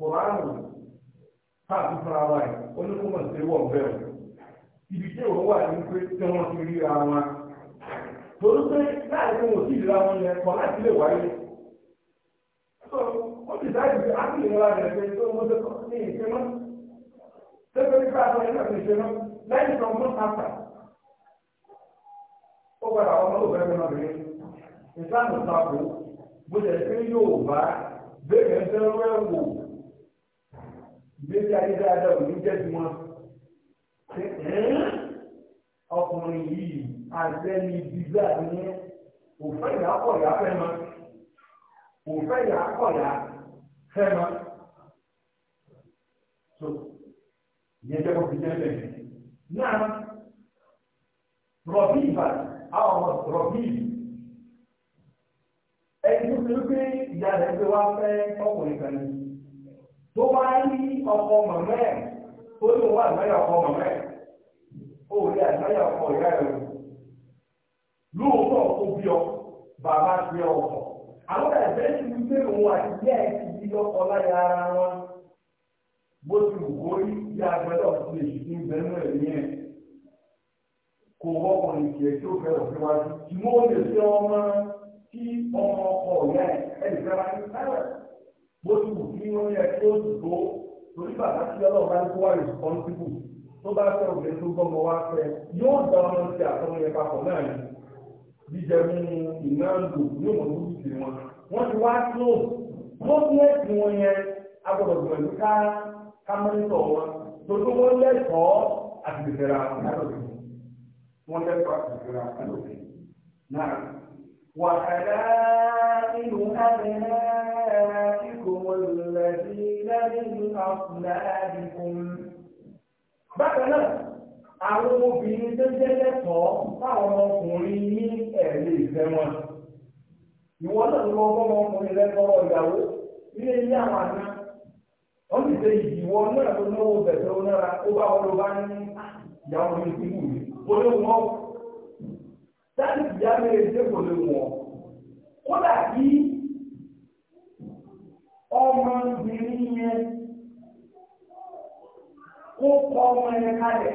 kòránù káàkiri fara wa yìí ó ní kó mọ̀ sí wọ̀ bẹ́ẹ̀ ibi tí òun wà ní pé tí wọ́n ti ríra wọn torí pé láì fún òsì ìlera wọn yẹn kọ́ láti lè wáyé wọ́n ti dájú pé ápì ìlera rẹ̀ pé tó ní ìṣe mọ́ ẹ̀ka ti ṣe mọ́ lẹ́yìn tó ó gbọ́dọ̀ àwọn ìgbésí ayé dáadáa ò ní jẹ́ wọn. ọkùnrin yìí àtẹni bíbá ní òfẹ́ ìyá kọ̀yà fẹ́ mọ́ òfẹ́ ìyá kọ̀yà fẹ́ mọ́. so ìyẹn jẹ́ kó fi jẹ́ bẹ́ẹ̀. náà rọ̀bì ìbàdàn àwọn rọ̀bì ẹni tó fi ń pé ìyá rẹ̀ gbé wá fẹ́ ọkùnrin kan ní. tó bá rí ọkọ màmá ẹ̀ tó lè wá àgbáyà ọkọ màmá ẹ̀ ó rí àgbáyà ọkọ ìyá ẹ̀ o lóòótọ́ kó bí ọ bàbá gbé ọkọ̀ àwọn ẹ̀fẹ́ ti wí pé òun àti ẹ̀ ti di lọ́kọ láyà ara wọn bó ti wù kó rí bí agbẹ́dọ̀ tó lè ṣe ń bẹ́ẹ̀ náà ní ẹ̀ kò wọ́pọ̀lì tiẹ̀ tó fẹ́ òfin wájú tí wọ́n lè fẹ́ ọmọ tí ọmọ ọkọ rẹ̀ ẹ̀ bó ti wù kí wọ́n yẹ kí ó dùn tó torí bàbá tí ọlọ́run bá ń kó wá responsible tó bá fẹ́ obìnrin tó gbọ́mọ wá fẹ́ yóò dá ọmọ ti àtọ́mọ yẹn papọ̀ náà ni jíjẹ mímu iná ń lò ní òun ló ti wọn wọ́n ti wá tó wọ́n ní ẹ̀sìn wọn yẹn agbọ́dọ̀ gbọ̀ngàn ká ká mọ́nítọ̀ wọn tòtò wọ́n lẹ́kọ̀ọ́ àti ìfẹ́ra àti àlòkè wọ́n lẹ́kọ̀ọ́ àti ìfẹ́ra àti àlòkè náà. وحلائل أبنائكم الذين من أصلابكم bákan àwọn obìnrin tó jẹ́ lẹ́tọ̀ọ́ táwọn ọmọkùnrin ní ẹ̀rí ìfẹ́ wọn ìwọ náà lọ ọmọkùnrin ìyàwó ilé àwọn àná sì ṣe ìwọ náà tó náwó bẹ̀tẹ̀ ó nára ó bá wọn ló bá ní ah, ìyàwó kódà bí ọmọbìnrin yẹn ó kọ ọmọ yẹn kalẹ̀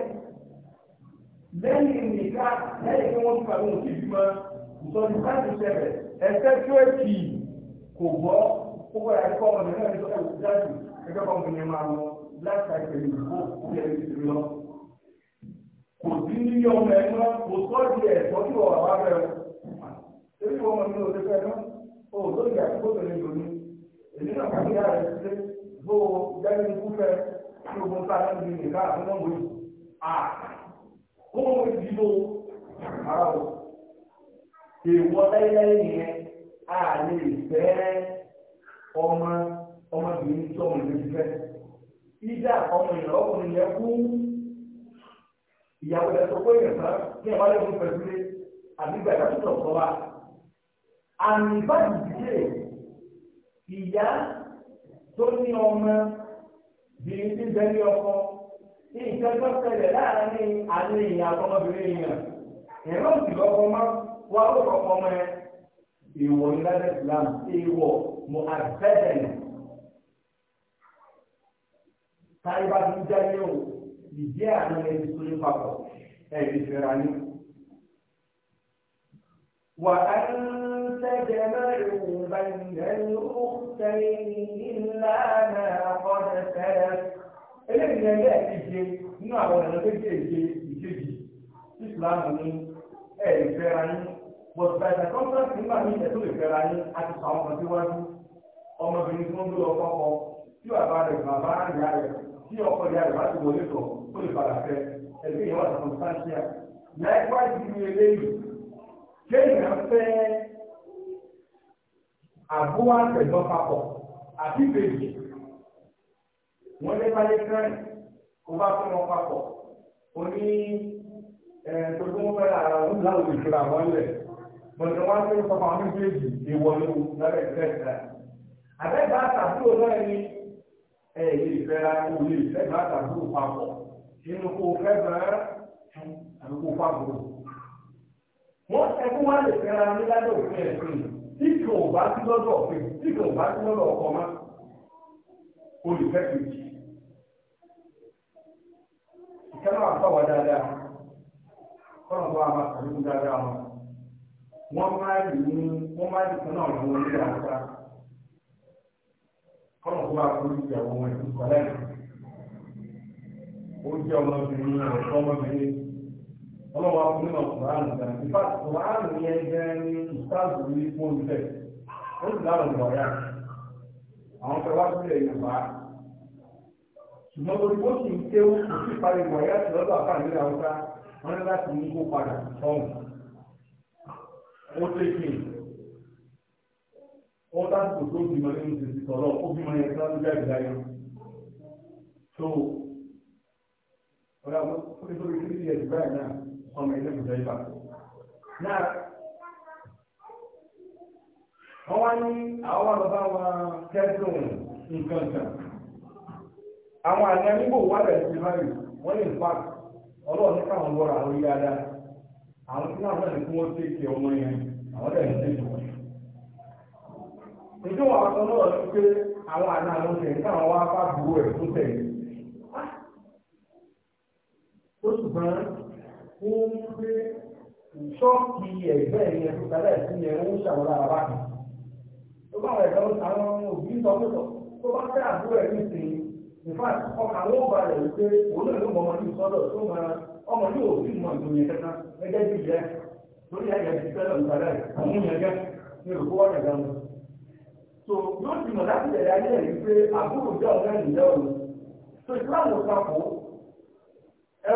lẹ́yìn nìka lẹ́yìn tí wọ́n fà lóhùn sí bímọ ìsọdún láti ṣẹlẹ̀ ẹ̀fẹ́ tí ó kì í kò gbọ́ ó bọ̀dà kọ́ ọmọ yẹn náà ní sọ́kà ìwé jáde ẹgbẹ́ kan fún yẹn máa lọ láti àìsàn ìdìbò ó yẹ kí ti lọ. kò sí ní ọmọ ẹ̀ náà kò sọ́ọ̀dì ẹ̀ tọ́jú ọ̀rọ̀ wá bẹ̀rẹ̀ torí wọn mọ̀ ní òṣèlú ẹ̀nà o tó yà kó tẹ̀lé lónìí èyí náà kàkí yà rẹ̀ ṣe bó o jáde ní kúfẹ́ tí o gbọ́n sáré ní ìlú ká àti mọ́wé à kó mọ́wé ti dìbò ara o èèwọ̀ láyéláyé nìyẹn a lè fẹ́ ọmọ ọmọbìnrin tí ọmọ ìlú ti fẹ́ ìdá ọmọ ìlú ọkùnrin yẹn kú ìyàwó ẹ̀ sọ pé ìyẹn sá ní ìwádìí fún pẹ̀lú àbí gbàgbà tó tọ̀ sọ́wọ́ a ìyá tó ní ọmọ bìrì tí bẹ ní ọkọ ní ìjọba ṣẹlẹ̀ láàárín àlè ìyá àtọmọbìnrin yẹn ẹ̀rọ ìdìbò ọkọ máa wá lóko ọkọ ọmọ yẹn ìwọ ní lábẹ́ Islam ìwọ mo àgbẹ̀dẹ̀ nù. táyé bá ti ń jẹ́ ní o ìdí àná وأن تجمعوا بين الأختين إلا ما قد سلف eléyìí ẹgbẹ́ ẹ̀kíje nínú àwọn ọ̀nà kéékèèké ìkejì ìsìláàmù ní ẹ̀rí fẹ́ra yín but by the contract nígbà míì ẹ̀tọ́ lè fẹ́ra yín àti sọ àwọn ọmọ síwájú ọmọbìnrin tí wọ́n gbé lọ fọ́kọ tí bàbá rẹ̀ bàbá àyà rẹ̀ tí ọkọ ìyá rẹ̀ bá ti wọlé tọ̀ ó lè padà fẹ́ ẹgbẹ́ ìyẹn wà sàkóńtàṣíà láìpẹ́ àti ìlú eléyìí kéèyàn fẹ́ àbúwá pẹ̀lọ́ papọ̀ àbí bèjì wọ́n lé bá lé kẹ́rin kó bá fún wọn papọ̀ ó ní tòlú wọn fẹ́ ara wọn láwùjọ ìṣúra wọn lẹ̀ mọ̀tò wọn fẹ́ papọ̀ àwọn méjèèjì ìwọlú lọ́rẹ̀ ìfẹ́ta àbẹ́bà àtàkùrọ̀ náà ni ẹ̀yẹ ìfẹ́ra kò lè fẹ́ bá àtàkùrọ̀ papọ̀ nínú kò fẹ́ bá àtàkùrọ̀ papọ̀. wọ́n ẹkún wá lè fẹ́ra ní ládọ̀ òfin ẹ̀sìn tí kò bá sí lọ́dọ̀ òfin tí kò bá sí lọ́dọ̀ ọkọ̀ má olùfẹ́ kejì ìkẹ́lọ́ àtọ́wọ́ dáadáa kọ́nà tó wà sàlùkù dáadáa wọ́n lè ní wọ́n lè fún náà lọ́wọ́ ní kọ́nà tó wà ọlọ́wọ́ fún nínú ọ̀kùnrán nìkan ìfà ọ̀kùnrán ní ẹgbẹ́ ní ìsáàbù ní fún ìfẹ́ ó sì dáhùn ìwọ̀ ya àwọn fẹ́ wá sílẹ̀ yorùbá ṣùgbọ́n lórí ó sì ń ké ó kò sí parí ìwọ̀ ya sí lọ́dọ̀ àfà ní àwùjá wọn ní láti ní kó padà sọ́hùn ó tẹ́kì ó dáàbò tó bímọ nínú tètè tọ̀lọ́ ó bímọ yẹn sáà lójú àgbà yẹn so ọ̀rọ̀ àwọn ó ti tó rí sí ẹ̀dùn báyìí náà ọmọ ilé ìjọ ìbà náà wọ́n wá ní àwọn wa kẹ́sùn nǹkan kan àwọn àmì àníbò wà bẹ̀rẹ̀ sí mari wọ́n ní nfa ọlọ́run ní káwọn wọ́ra àwọn ilé adá àwọn tí wọ́n náà kí wọ́n ṣe kí ọmọ yẹn àwọn dẹ̀ ń ṣe jù wọ́n. ìjọba àwọn ọmọ náà pé àwọn àwọn wá bá ẹ̀ tó ń gbé ìṣọ́ọ̀kì ẹ̀gbẹ́ yẹn tó tẹ́lẹ̀ sí yẹn ń ṣàwọn lára bá kan. tó bá rẹ̀ lọ àwọn òbí sọ pé sọ tó bá fẹ́ àbúrò ẹ̀ nísìnyí nípa ọkà àwọn ọba rẹ̀ wípé òun náà ló mọ ọmọ yìí sọ́dọ̀ tó mọ ọmọ yìí ò sí mọ ìdòyìn kankan gẹ́gẹ́ bí ìyẹn lórí ayẹyẹ ti fẹ́ lọ́nà tẹ́lẹ̀ àwọn yẹn gẹ́ ní òkú wọ́n kẹ̀kẹ́ mu. tó yóò ti mọ̀ láti ẹ̀rẹ́ ayé rẹ̀ wípé àbúrò jẹ́ ọ̀gá ìjẹ́ tó ìsìláàmù sàkó ẹ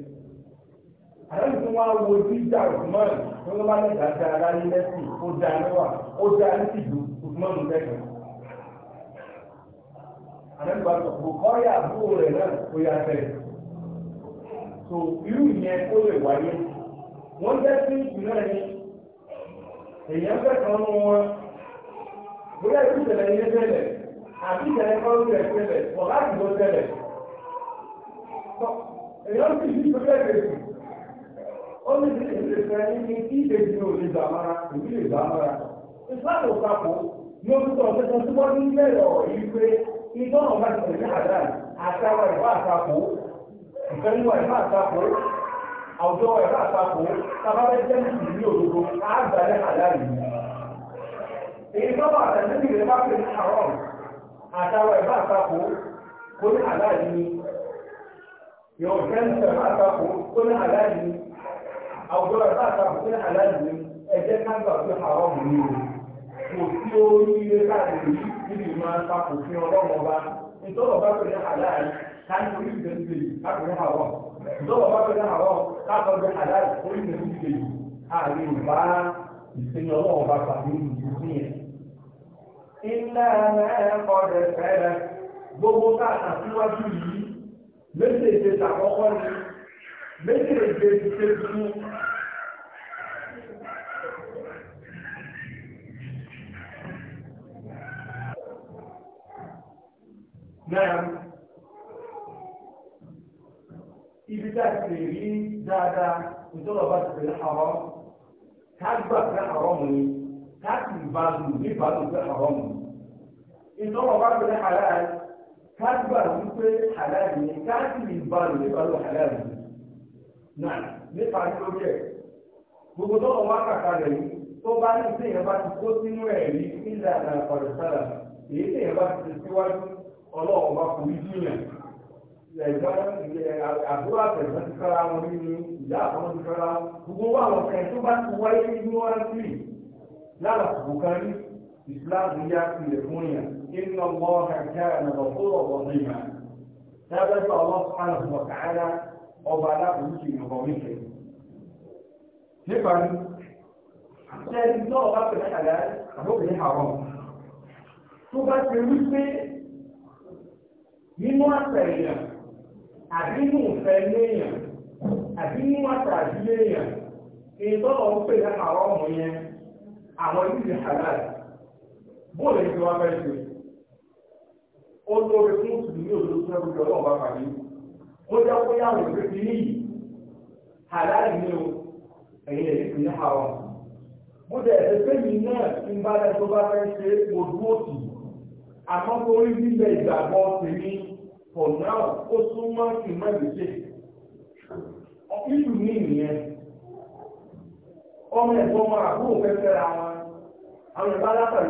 àyẹ̀wò tí wọ́n á wo jíjà Usman tí wọ́n bá ní ìdájọ́ ara ní lẹ́sìn ó da níwà ó da ní ìlú Usman lẹ́sìn. àyẹ̀wò bá sọ bùkọ́ yà bú rẹ̀ náà ó yà tẹ̀. tó irú ìyẹn ó lè wáyé wọ́n jẹ́ sí ìpínlẹ̀ ní èèyàn fẹ́ kan nú wọn bóyá ìlú ìṣẹ̀lẹ̀ ilé tẹ́lẹ̀ àbí ìṣẹ̀lẹ̀ kọ́lù rẹ̀ tẹ́lẹ̀ ọ̀gá ìgbò tẹ́lẹ̀ èèyàn sì ní ìpínlẹ̀ kejì ó ní ìdílé ìdílé fẹ́ ní kí ìdèjì ò lè gbà mara ìlú lè gbà mara ìfáàlù papọ̀ ní orúkọ ọ̀sẹ̀sẹ̀ tó wọ́n ní bẹ̀rẹ̀ ọ̀rọ̀ yìí pé iná ọ̀gá ti tẹ̀lé àdá àtàwọn ẹ̀fọ́ àtakò ìfẹ́lúwà ẹ̀fọ́ àtakò àwùjọ ẹ̀fọ́ àtakò tábàbẹ́ jẹ́ ìlú òdodo àgbàlẹ̀ àdá yìí èyí tó wà tẹ̀lé ìrẹ́ bá pè kó ní àdá àwùjọ rẹ̀ bá àtàwọn pé aláìní ẹ̀jẹ̀ káńtà sí àwọn ní o kò sí oríire káàkiri níbi máa ń fún ọlọ́run ọba ìtọ́lọ̀ bá pẹ̀lú aláì káńtà orí ìdẹ́sílẹ̀ yìí káàkiri àwọn ìtọ́lọ̀ bá pẹ̀lú àwọn káàkiri aláì orí ìdẹ́sílẹ̀ yìí ààrẹ ìbá ìsinmi ọlọ́run ọba pàdé ìlú fún yẹn. ilé ẹ̀ gbogbo káàkiri síwájú yìí نعم إبتكري دادا وطلبات في الحرام تكبر في حرامي تكبر بعضه ببعضه في حرامي وطلبات في الحلال تكبر في حلالي تكبر بعضه ببعضه حلالي náà nípa lórí ẹ̀ gbogbo tó lọ wá kàkà rẹ̀ yìí tó bá ní sí ìyẹn bá ti kó sínú ẹ̀ rí nílẹ̀ àpàdé sára èyí tí ìyẹn bá ti ti síwájú ọlọ́run bá kò ní jìyàn àdúrà tẹ̀sán ti kára wọn nínú ìyá àkọ́nà ti kára gbogbo wà wọn fẹ́ tó bá ti wáyé nínú wọn sí lára kòkò kan rí ìsìláàmù yá sílẹ̀ fún yàn nínú ọmọ ọ̀hún ẹ̀ka ẹ̀nà ọ̀fọ́rọ̀ ọ̀gbọ̀n ní ìmọ̀ tábẹ́sọ̀ ọba aláàbòrúkì ìrọ̀bọ̀ oríṣẹ́ níparí ṣẹ́ni náà bá pẹ̀lẹ́ àdá àbókùnrin àwọn tó bá ti rí pé nínú àṣà èèyàn àbí nínú ìfẹ́ léèyàn àbí nínú àṣà àdílé èèyàn èyí tó lọ pè ní àwọn ọmọ yẹn àwọn ìdílé halal bóòlù ìjọba fẹ́ ṣe ó lórí fún ìdílé òṣèlú tó ń bá pàdé ó jẹ́ kó àwọn ìwé yìí àdáyé o ẹ̀yìn lè ní àwọn bó ẹ̀sẹ̀ pé mi náà ń bá lẹ́ tó bá fẹ́ ṣe mo dúró tì nílẹ̀ ìgbàgbọ́ tèmi for now ó kí n má lè ṣe ìlú ní ìyẹn ọmọ ẹ̀gbọ́n máa wọn àwọn ìbá látàrí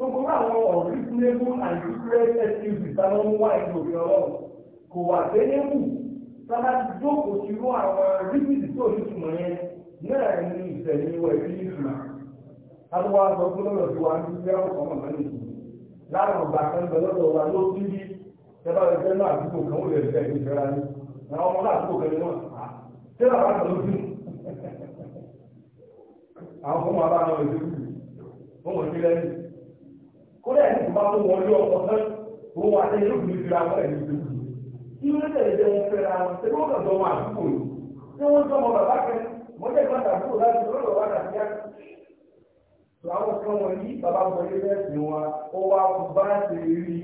gbogbo àwọn ọ̀rísínébù and different excuses táwọn ń wá ìlú òfin ọlọ́run kò wà déléwù sábà ti jókòó sí irú àwọn rígbìsì tó ní ìtumọ̀ yẹn náà ní ìṣẹ̀lẹ̀ ìwọ̀ ìdí ìtumọ̀ sọ fún lọ́dọ̀ tó wà ní láàrùn kan bẹ lọ́dọ̀ wa ló ti rí fẹ́ náà àdúgbò kan ó lè fẹ́ àwọn ọmọ kan ní kódà ẹni tó bá tó wọlé ọkọ náà bó wà ní ìlú mi fira wọn ẹni tó kù kí wọn tẹ̀lé tẹ wọn fẹ́ra wọn tẹ wọn kàn dọ́mọ àdúgbò yìí tí wọn bàbá kẹ wọn tẹ̀ wọn dàgbò láti lọ́dọ̀ wà láti yá tó àwọn kan wọn yí bàbá wọlé lẹ́sìn wọn ó wá kó bá ṣe rí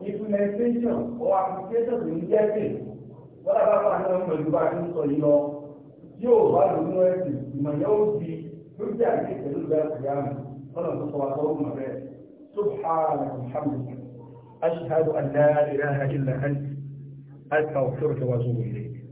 implementation yóò bá lóyún ẹ̀sìn ìmọ̀ yẹn ó di lójú àgbẹ̀ pẹ̀lú ìgbà ìyá mi. صلاه فلن تطلعون به سبحانك وبحمدك أشهد أن لا إله إلا أنت أستغفرك وأتوب إليك